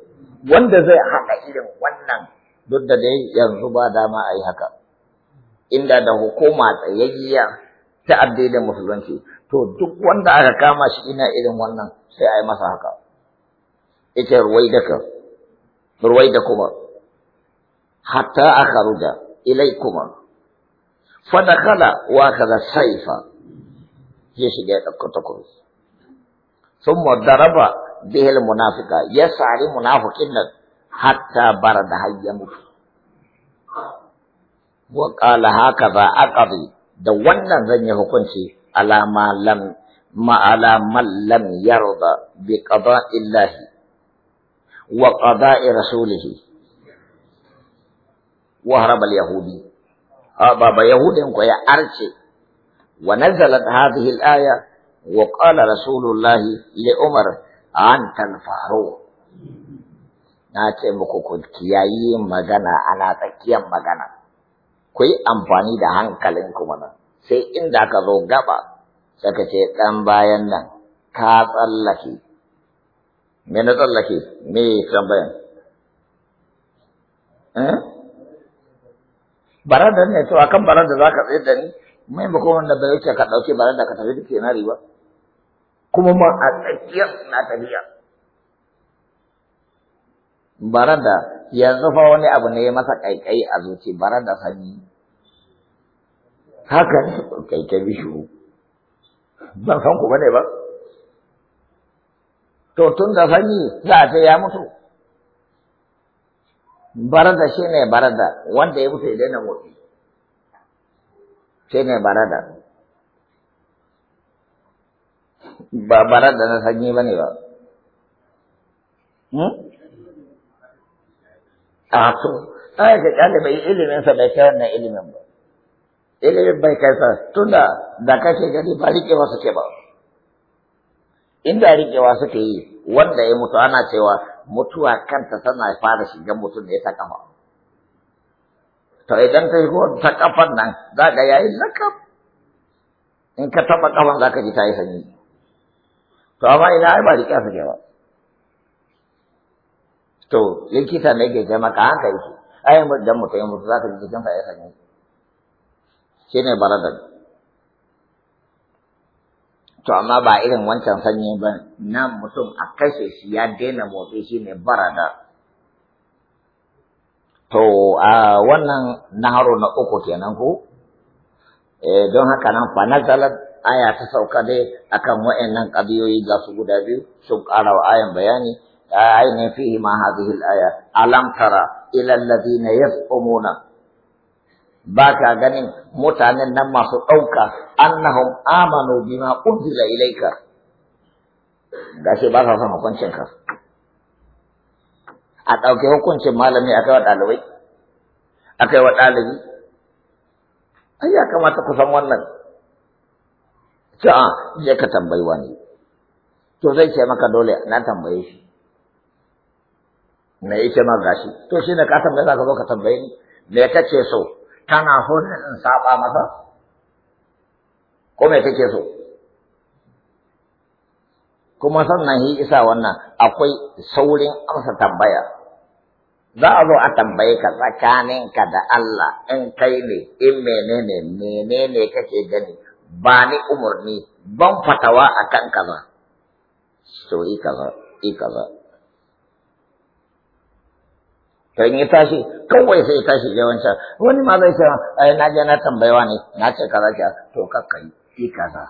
wanda zai haɗa irin wannan duk da dai yanzu ba dama a yi haka inda da hukuma tsayayya ta addinin musulunci to duk wanda aka kama shi ina irin wannan sai a yi masa haka ita ruwai da ka ruwai da kuma حتى أخرج إليكما فدخل وأخذ السيف جيش ثم ضرب به المنافق يسعى المنافقين حتى برد هيا يموت وقال هكذا أقضي دونا زني حكمتي على ما لم ما على من لم يرضى بقضاء الله وقضاء رسوله wa harabal yahudi baba Yahudinku ya arce wa nazalat hadhihi al-aya wa qala rasulullah li umar an tanfaru na ce muku ku kiyayi magana ana tsakiyar magana ku yi amfani da hankalinku mana sai inda ka zo gaba saka ce ɗan bayan nan ka tsallake me na tsallake me tambayan eh Baradar ne to akan barada za ka tsaye da ni mai ba kuma wanda bai wuce ka ɗauke barada ka tafi duke na riba. kuma ma a tsakiyar na tafiya barada yanzu fa wani abu ne ya masa ƙaiƙayi a zuci barada sanyi haka ne ƙaiƙayi bishiyu ban san ku bane ba to tun da sanyi za a ce ya mutu barada shi ne barada wanda ya mutu ya daina motsi shi ne barada ba barada na sanyi ba ne hmm? ba a to ai ka kyale bai ilimin sa bai kai wannan ilimin ba ilimin bai kai sa tunda da kake gani ba rikewa suke ba inda rikewa suke yi wanda ya mutu ana cewa mutuwa kanta tana fara shiga mutum ya taka kafa to idan ta shigo ta kafan nan za ka yayi lakab in ka taba kafan za ka ji ta yi sanyi to amma ina ai ba riƙe suke ba to likita ne ke maka haka yake ai dan mutum ya mutu za ka ji jikinsa ya sanyi ne baradar to amma ba irin wancan sanyi ba nan mutum a kashe shi ya daina motsi shi ne barada to a wannan naharo na uku kenan ko eh, don haka nan fa nazalat aya ta sauka dai akan wa'annan kabiyoyi ga su guda biyu sun ƙara wa ayan bayani ainihin fihi ma hadhihi al-aya alam tara ila alladhina yasumuna ba ka ganin mutanen nan masu ɗauka annahum amanu bima unzila ilaika gashi ba ka san hukuncin ka a ɗauke hukuncin malami akai wa ɗalibai akai wa ɗalibi ai ya kamata ku san wannan ce a ah, je ka tambayi wani to zai ce maka dole na tambaye shi me ce ma gashi to shine ka tambaye za ka zo ka tambaye ni me kace so tana so in saba masa ko me kake so kuma sannan yi isa wannan akwai saurin amsa tambaya za a zo a tambaye ka tsakaninka da Allah in kai ne in menene menene kake gani ba ni umarni ban fatawa akan kaza So yi kaza yi kaza to in yi tashi kawai sai ya tashi ya wancan wani ma zai cewa ai na je na tambayawa ne na ce kaza ce to kakka yi kaza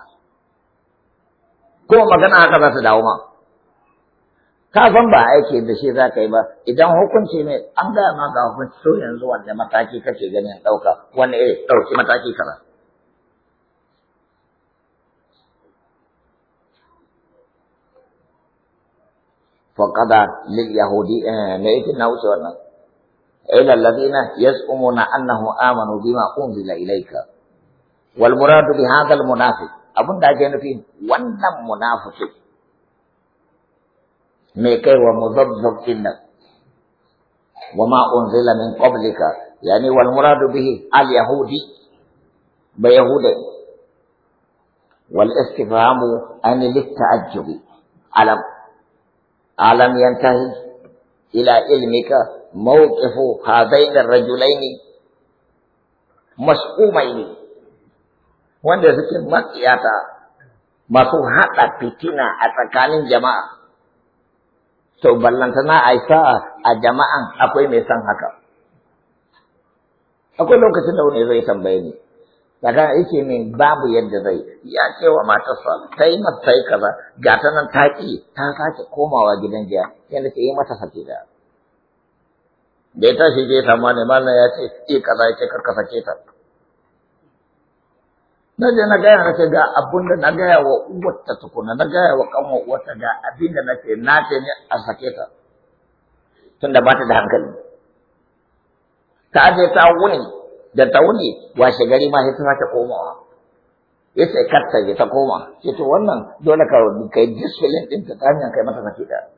ko magana haka za su dawo ma ka san ba aiki da shi za ka yi ba idan hukunci ne an gaya ma ga hukunci so yanzu wanda mataki kake ganin ɗauka wani eh ɗauki mataki kaza فقد لليهودي نيت ناوس ورنا إلى الذين يزعمون أنهم آمنوا بما أنزل إليك والمراد بهذا المنافق أبن دا جنفي يعني ونم منافق ميكي ومذبذب في النفس وما أنزل من قبلك يعني والمراد به اليهودي بيهودي والاستفهام أن للتعجب علم علم ينتهي إلى علمك موقف هذين الرجلين مسؤومين wanda suke matsiyata masu haɗa fitina a tsakanin jama'a to ballantana a sa'a a jama'an akwai mai san haka akwai lokacin da wani zai tambaye ni daga yake ne babu yadda zai ya ce wa matarsa ta yi masa ta yi kaza ga ta ta sake komawa gidan jiya yadda ta yi mata sake da da ya tashi je sama ne malam ya ce eh kaza ya ce karka sake ta na je na gaya na ce ga abun da na gaya wa ta tukuna na gaya wa kanwa uwarta ga abin da na ce na ce ne a sake ta tunda ba ta da hankali ta je ta wuni da ta wuni washe gari ma sai ta sake komawa ya sai ta koma ce to wannan dole ka kai disfilin ɗin ta ta hanyar kai mata sake ta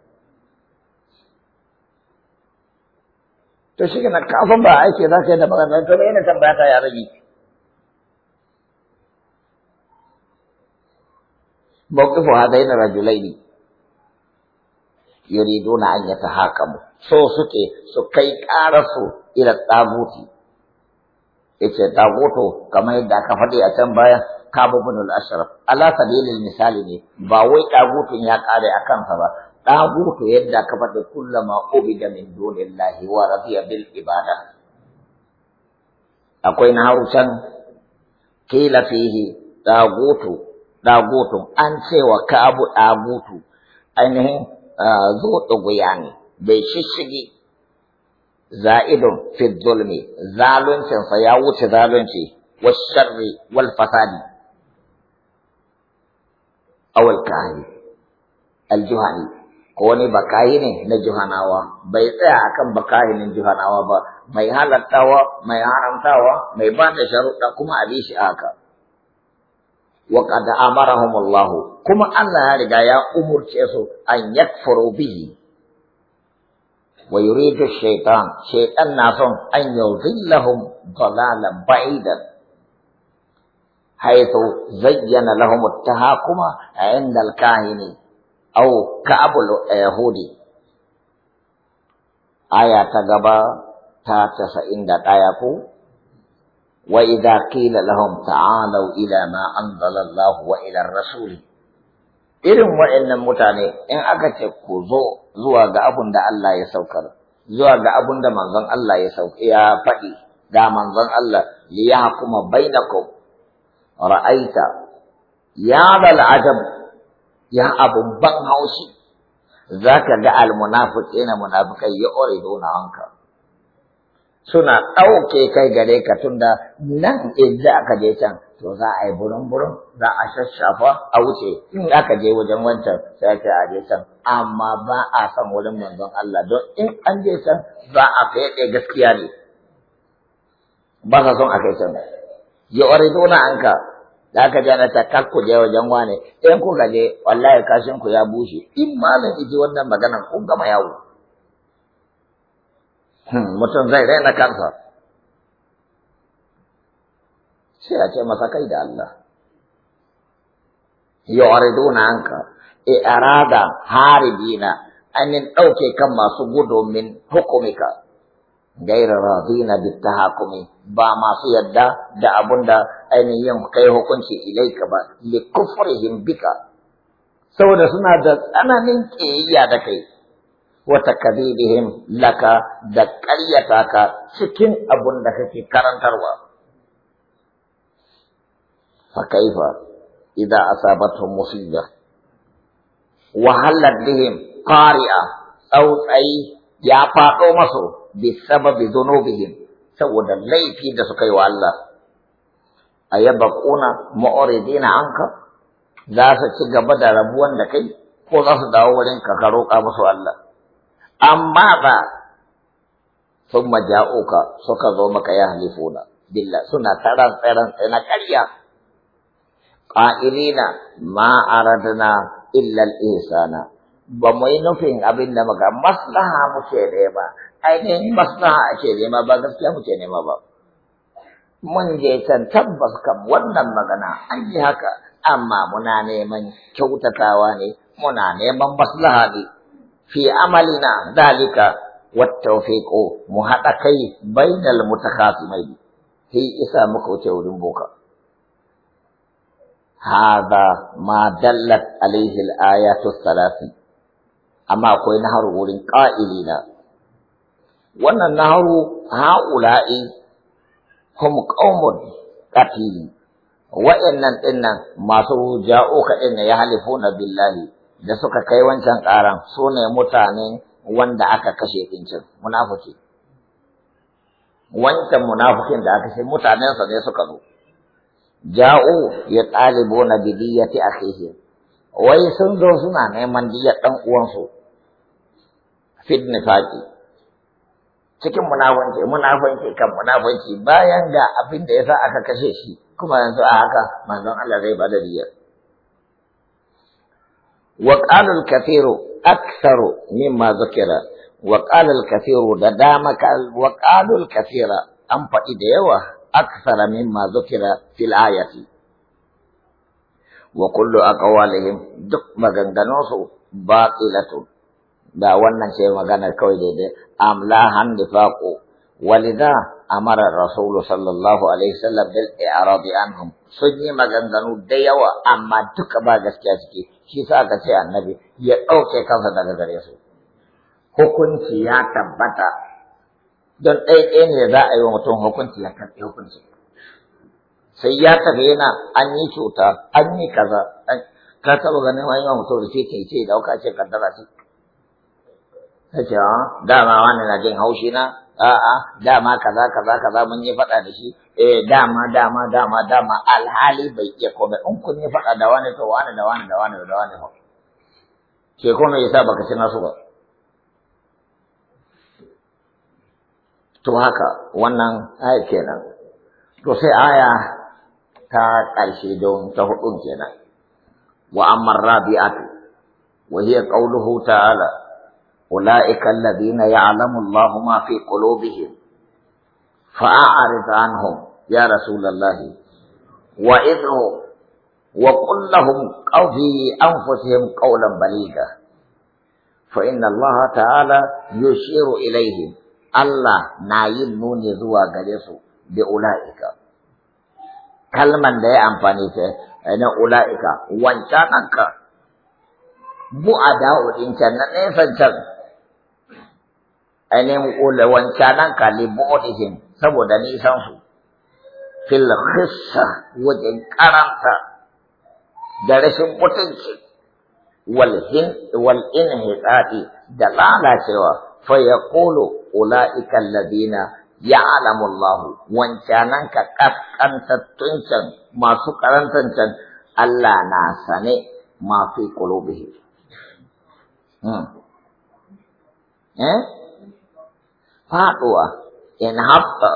to shi kenan kafin ba aiki za ka yi da magana to me yana tambaya ta ya rage mawqifu hadain rajulaini yuriduna an yatahakamu so suke su kai karasu ila taguti yace taguto kamar yadda aka faɗi a can baya kabu bin al-ashraf ala sabilil misali ne ba wai tagutun ya ƙare a kansa ba ɗagutu yadda ka faɗi kullama ubida min dunillahi wa radiya bil ibada akwai na harucan kila fihi ɗagutu ɗagutu an cewa ka abu ɗagutu ainihin zo ɗuguya ne bai shishigi za'idun fi zulmi zaluncinsa ya wuce zalunci washarri wal fasadi awal Al aljuhani wani bakayi ne na juhanawa bai tsaya akan ne juhanawa ba mai halattawa mai haramtawa mai ba da sharuɗa kuma a shi haka wa qad Allah kuma Allah ya riga ya umurce su an yakfuru bihi wa yuridu shaytan shaytan na son an yuzillahum dalalan ba'idan haythu zayyana lahum at-tahakuma 'inda al-kahini au ka'abul eh, yahudi aya ta gaba ta casa'in da ɗaya ko wa idza qila lahum ta'alu ila ma irin waɗannan mutane in aka ce ku zo zuwa ga abun da Allah ya saukar zuwa ga abun da manzon Allah ya sauke ya faɗi ga manzon Allah li kuma bainakum ra'aita ya dal ajab ya abun ban haushi zaka ga ya munafiqai yuriduna anka suna ɗauke kai gare ka tunda nan idan aka je can to za a yi burin-burin za a shashafa a wuce in aka je wajen wancan sai ake a je can amma ba a san wurin manzon Allah don in an je can za a faɗe gaskiya ne ba sa son a kai can ya ore dona da aka ji ana ta kar ku je wajen wane in ku gaje wallahi kashin ku ya bushe in malam iji wannan maganan kun gama yawo hmm, mutum zai raina kansa sai a ce masa kai da Allah yu'riduna anka i'rada e, haribina an ɗauke kan masu gudu min hukumika غير راضين hakumi ba masu yadda da abun da ainihin kai hukunci ilaika ba li kufrihim bika saboda suna da tsananin kiyayya da kai wa takdhibihim laka da ƙaryata ka cikin abun da kake karantarwa fa kaifa idza asabatuhum musiba wa halladihim bihim qari'a tsautsayi ya faɗo masu bisababi dhunubihim saboda laifi da suka yi wa Allah a yaba ƙuna ma'oridina anka za su ci gaba da rabuwan da kai ko za su dawo wurin ka ka roƙa musu Allah amma ba sun maja'uka suka zo maka ya halifuna billa suna taran tsaran na ƙarya ƙa'ilina ma aradna illa al-ihsana ba mu yi nufin abin da muka maslaha muke da ba ainihin maslaha ake nema ba gaskiya muke nema ba mun je can tabbas kam wannan magana an yi haka amma muna neman kyautatawa ne muna neman maslaha ne fi amalina dalika wattawfiqu mu haɗa kai bainal mutakhasimain sai isa muka wuce wurin boka ma dallat ما دلت عليه amma akwai na har wurin قائلين wannan naharu ha'ula'i hum qaumun qatili wa'annan dinnan masu ja'o ka din ya halifu na billahi da suka kai wancan karan ne mutane wanda aka kashe dincin munafiki wancan munafikin da aka kashe mutanensa ne suka zo ja'o ya na bidiyati akhihim wai sun zo suna neman diyar dan uwansu fitnifaki cikin munafanci munafanci kan munafanci bayan ga abin da yasa aka kashe shi kuma yanzu a haka manzon Allah zai bada diya wa qala al-kathiru aktharu mimma dhukira wa qala al-kathiru da dama ka wa qala al-kathira an faɗi da yawa aktharu mimma dhukira fil ayati wa kullu aqwalihim duk su batilatun da wannan ce magana kawai daidai amlahan nifaqu walidha amara rasulu sallallahu alaihi wasallam bil i'radi anhum sun yi maganganu da yawa amma duka ba gaskiya suke shi sa aka ce annabi ya ɗauke kansa daga gare su hukunci ya tabbata don ɗaiɗaya ne za a yi wa mutum hukunci ya karɓi hukunci sai ya tafi yana an yi cuta an yi kaza ka taɓa ganin wani mutum da ce ce ɗauka ce kaddara ce ta ce wa ah, dama wani na jin haushi na a'a dama kaza kaza kaza mun yi faɗa da shi eh dama dama dama dama alhali bai iya komai in kun yi faɗa da wani to wani da wani da wani da wani ke ko me yasa baka ci nasu ba to haka wannan aya kenan to sai aya ta ƙarshe don ta hudun kenan wa amma rabi'atu wa hiya qawluhu ta'ala أولئك الذين يعلم الله ما في قلوبهم فأعرض عنهم يا رسول الله وإذهم وقل لهم أو في أنفسهم قولا بليغا فإن الله تعالى يشير إليهم الله نايم نوني ذوى قليسو بأولئك كلمن لا أنفاني أنا أولئك وانشانك بؤداء الإنسان نفسك ainihin ƙola wancanan saboda nisan filhissa fil khissa wajen karanta da rashin mutunci wal hin da lalacewa fa yaqulu ulaika alladhina ya'lamu Allah wancanan ka kaskantattun can masu ƙarantar can Allah na sane masu fi hmm. eh faɗuwa in haɓɓa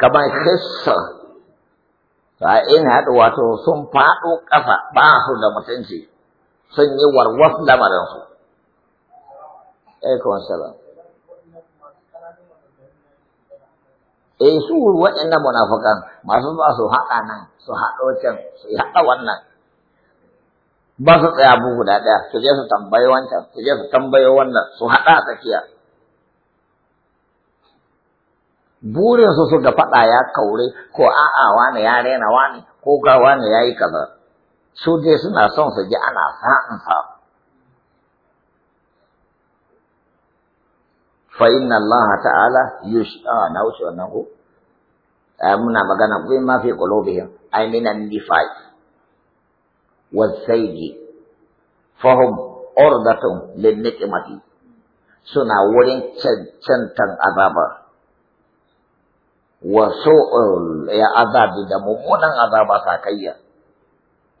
kamar hissa ta in haɗu wato sun faɗo ƙasa ba su da mutunci sun yi warwas lamarinsu. Aikon salam. E eh, su waɗannan munafukan masu ba su haɗa nan su haɗo can su haɗa wannan. Ba su tsaya bugu da ɗaya su je su tambayi wancan su je su tambayi wannan su haɗa a tsakiya. burinsu su ga faɗa ya kaure ko a'a wani ya rena wani, ko ga wani ya yi kaza su dai suna son su ji ana sa'in sa fa inna Allah ta'ala yush a na wuce wannan ko muna magana ko ma fi qulubihim ay min an-nifaq wa sayyi hum urdatun lin nikmati suna wurin cancantan ababa. wa su'ul ya azabi da mummunan azaba sakayya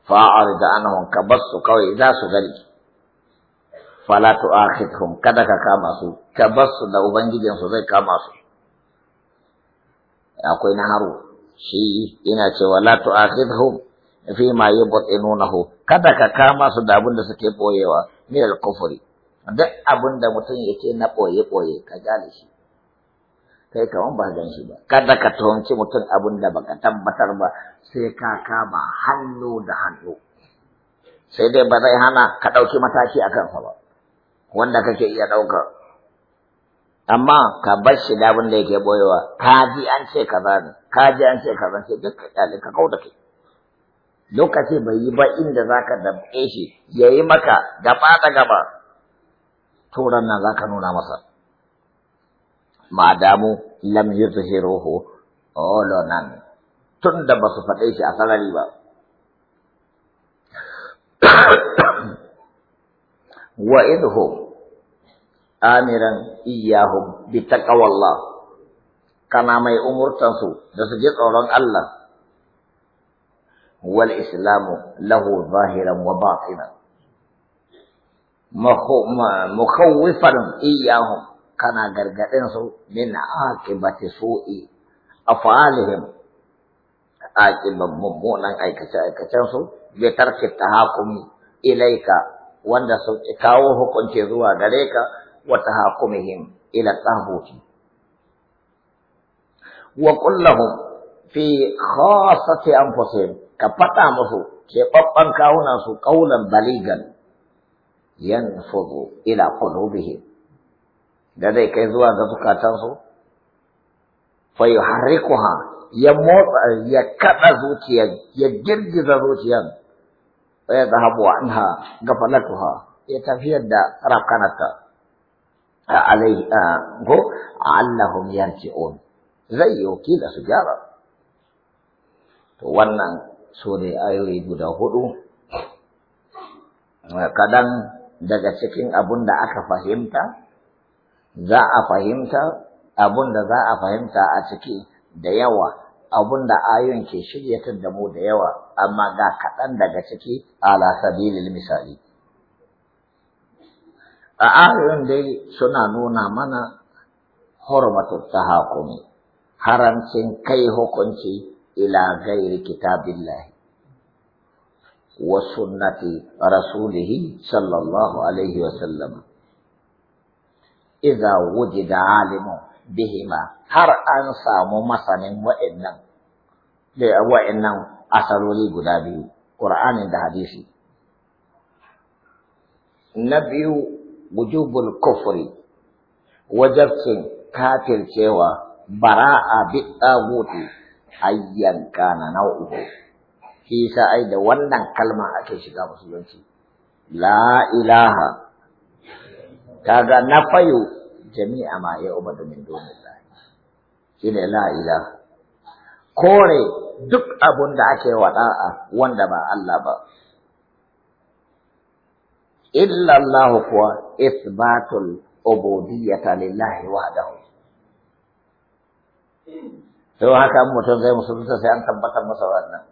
fa'ar da anahun ka basu kawai za su gani fala tu'akhidhum kada ka kama su ka basu da ubangijin su zai kama su akwai na haru shi ina cewa la tu'akhidhum fi ma yubtinunahu kada ka kama su da abin da suke boyewa ne al-kufri duk abin da mutum yake na boye boye ka gane shi kai kaman ba gan shi ba kada ka tuhumci mutum abin da baka tabbatar ba sai ka kama hannu da hannu sai dai ba zai hana ka ɗauki mataki a kansa ba wanda kake iya ɗauka amma ka bar shi da abin da yake boyewa ka ji an ce kaza ne ka ji an ce kaza ce duk ka kyale ka kauda kai lokaci bai yi ba inda zaka dabe shi yi maka gaba da gaba to nan zaka nuna masa ما damu lam yuzhiruhu olonan tun da ba su faɗe shi a sarari ba wa idhum amiran iyahum bi taqwallah kana mai umurtansu da su ji tsoron Allah wal islamu lahu zahiran wa batinan mukhawifan iyahum kana gargaɗin su min aqibati su'i afalihim aqiban mummunan aikace aikacen su bi tarki hakumi ilaika wanda su kawo hukunci zuwa gare ka wa tahakumihim ila tahuti wa qul lahum fi khassati anfusihim ka fada musu keɓaɓɓen kawunan su ƙaunar baligan yanfuzu ila qulubihim da zai kai zuwa ga zukatansu fa ha ya motsa ya kada zuciyar ya girgiza zuciyar fa ya zahabu anha ha, ya tafiyar da rakanata alai go allahum yarji'un zai yi da su gyara to wannan su ne ayoyi guda hudu kadan daga cikin abun da aka fahimta za a fahimta abun da za a fahimta a ciki da yawa abun da ayon ke shirya da mu da yawa amma ga kaɗan daga ciki ala sabilil misali a ayon dai suna nuna mana hurmatu tahakumi haramcin kai hukunci ila gairi kitabillahi wa sunnati rasulihi sallallahu alaihi wa iza wujida alimu bihima har an samu masanin wa'annan da wa'annan asaloli guda biyu Al-Qur'ani da hadisi na biyu wujubul kufri wajabcin cewa bara'a bi tsaguti ayyan kana nau'u shi sa ai da wannan kalma ake shiga musulunci la ilaha kaga na fayo jami'a ma ya da min dunillah shine la ila kore duk abun da ake wada'a wanda ba Allah ba illa Allah kuwa isbatul ubudiyyata lillahi wahdahu to haka mutum zai musulunta sai an tabbatar masa wannan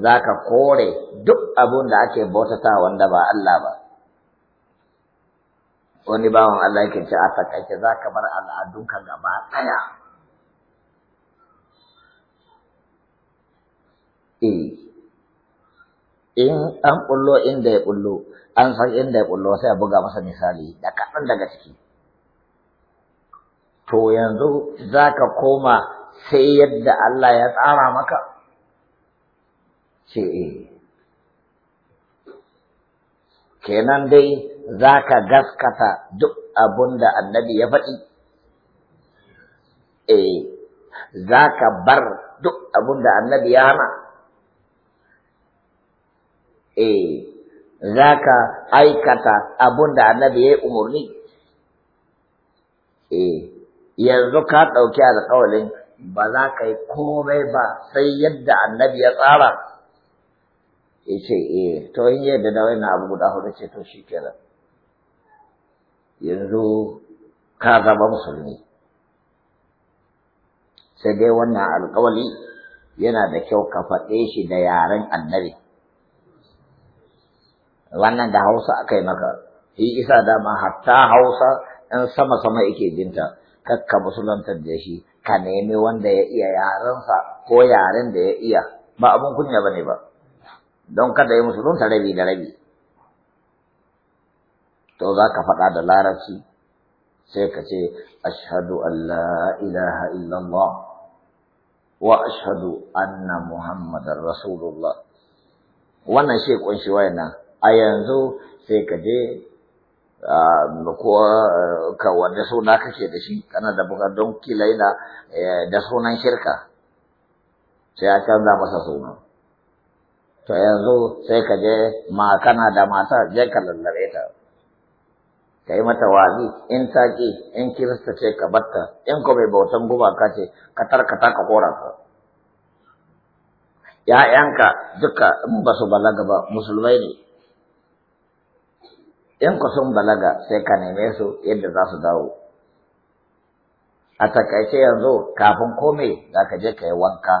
za ka kore duk abun da ake bautata wanda ba Allah ba wani bawan Allah yake ce a takaice za ka bar al'adunka gaba ɗaya. Eh. in an ɓullo inda ya ɓullo, an san inda ya ɓullo sai a buga masa misali da kaɗan daga ciki. To yanzu za ka koma sai yadda Allah ya tsara maka? Ce, eh. kenan dai za ka gaskata duk abun da annabi ya faɗi e, za ka bar duk abun da annabi ya hana e, za ka aikata abun da annabi ya yi umarni eh yanzu ka ɗauki alƙawalin ba za ka yi komai ba sai yadda annabi ya tsara ya ce eh to in yadda na wani abu guda hudu ce to shi kenan yanzu ka zama musulmi sai dai wannan alkawali yana da kyau ka faɗe shi da yaren annabi wannan da hausa aka yi maka shi isa dama hatta hausa ɗan sama-sama yake jinta kakka musulantar da shi ka nemi wanda ya iya yarensa ko yaren da ya iya ba abin kunya ba ne ba don kada ya musulunta rabi da rabi to za ka faɗa da larabci sai ka ce ashadu an la ilaha illallah wa ashadu anna muhammadar rasulullah wannan shi kunshi wayannan a yanzu sai ka je ko ka wanda suna kake da shi kana da buga don kila eh, da sunan shirka sai a canza masa suna to yanzu sai ka je ma kana da mata je ka lallare ta ka yi mata wazi in ta ki in kirista ce ka batta in ko mai bautan guba ka ce ka tarkata ka kora ka ‘ya'yanka duka in ba su balaga ba musulmai ne in ku sun balaga sai ka neme su yadda za su dawo a takaice yanzu kafin komai za ka je ka yi wanka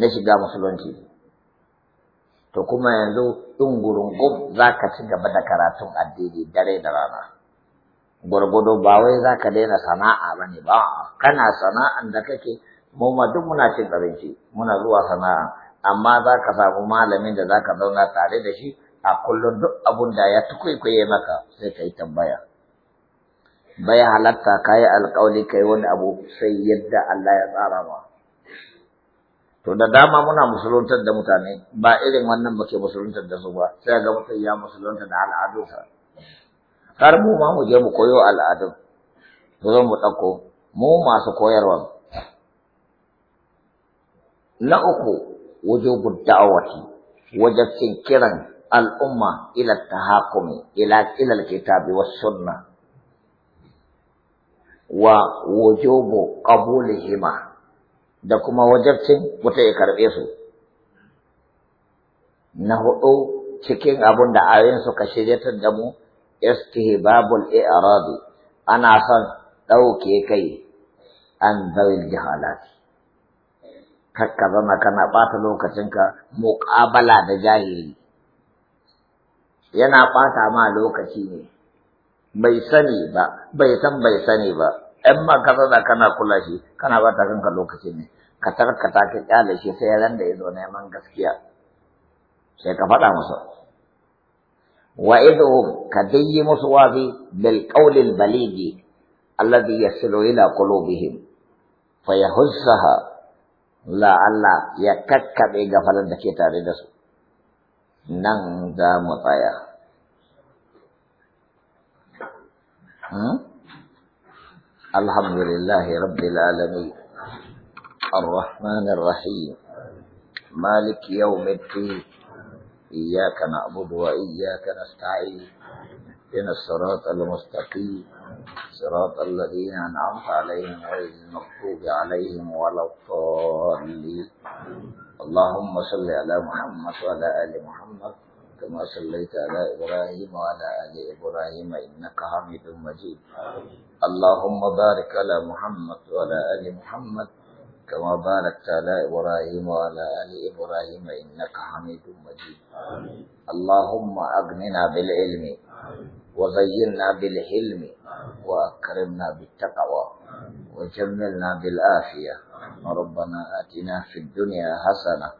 na shiga musulunci to kuma yanzu gurungun za ka ci gaba da karatun addini dare da rana. Gwargwado ba wai za ka daina sana'a ba ne ba, kana sana'an da kake mu ma duk muna cin abinci, muna zuwa sana'a, amma za ka samu malamin da za ka zauna tare da shi a kullum duk abun da ya tukwaikwaye maka sai ka yi tambaya. Bai halatta ka yi alkawali ka yi wani abu sai yadda Allah ya tsara ma. To da dama muna musuluntar da mutane ba irin wannan ba ke musuluntar da su ba sai ga mutum ya musulunta da al'adunsa.
Har mu ma mu je mu koyo
al'adun, to zan mu ɗauko mu masu koyarwa. Na uku gudawati wajen cin kiran al'umma ila tahakumi ila ila alkitabi wa sunnah wa wujubu qabulihima da kuma wajabcin wuta ya karɓe su. Na hudu cikin abun da ayoyin suka shiryatar da mu istihbabul i'radi ana son ɗauke kai an zawil jahalat kakka zama kana ɓata lokacinka muƙabala da jahili yana ɓata ma lokaci ne bai sani ba bai san bai sani ba in ma ka zana kana kula shi kana ba ta kanka lokaci ne ka tarkata ka kyale shi sai ran da ya zo neman gaskiya sai ka faɗa masa wa idu ka dayyi musu wazi bil al baligi alladhi yasilu ila qulubihim fa yahussaha la alla ya kakkabe gafalar da ke tare da su nan za mu tsaya Hmm? الحمد لله رب العالمين الرحمن الرحيم مالك يوم الدين إياك نعبد وإياك نستعين إن الصراط المستقيم صراط الذين أنعمت عليهم غير المغضوب عليهم ولا الضالين اللهم صل على محمد وعلى آل محمد كما صليت على إبراهيم وعلى آل إبراهيم إنك حميد مجيد اللهم بارك على محمد وعلى آل محمد كما باركت على إبراهيم وعلى آل إبراهيم إنك حميد مجيد اللهم أغننا بالعلم وزينا بالحلم وأكرمنا بالتقوى وجملنا بالآفية ربنا آتنا في الدنيا حسنة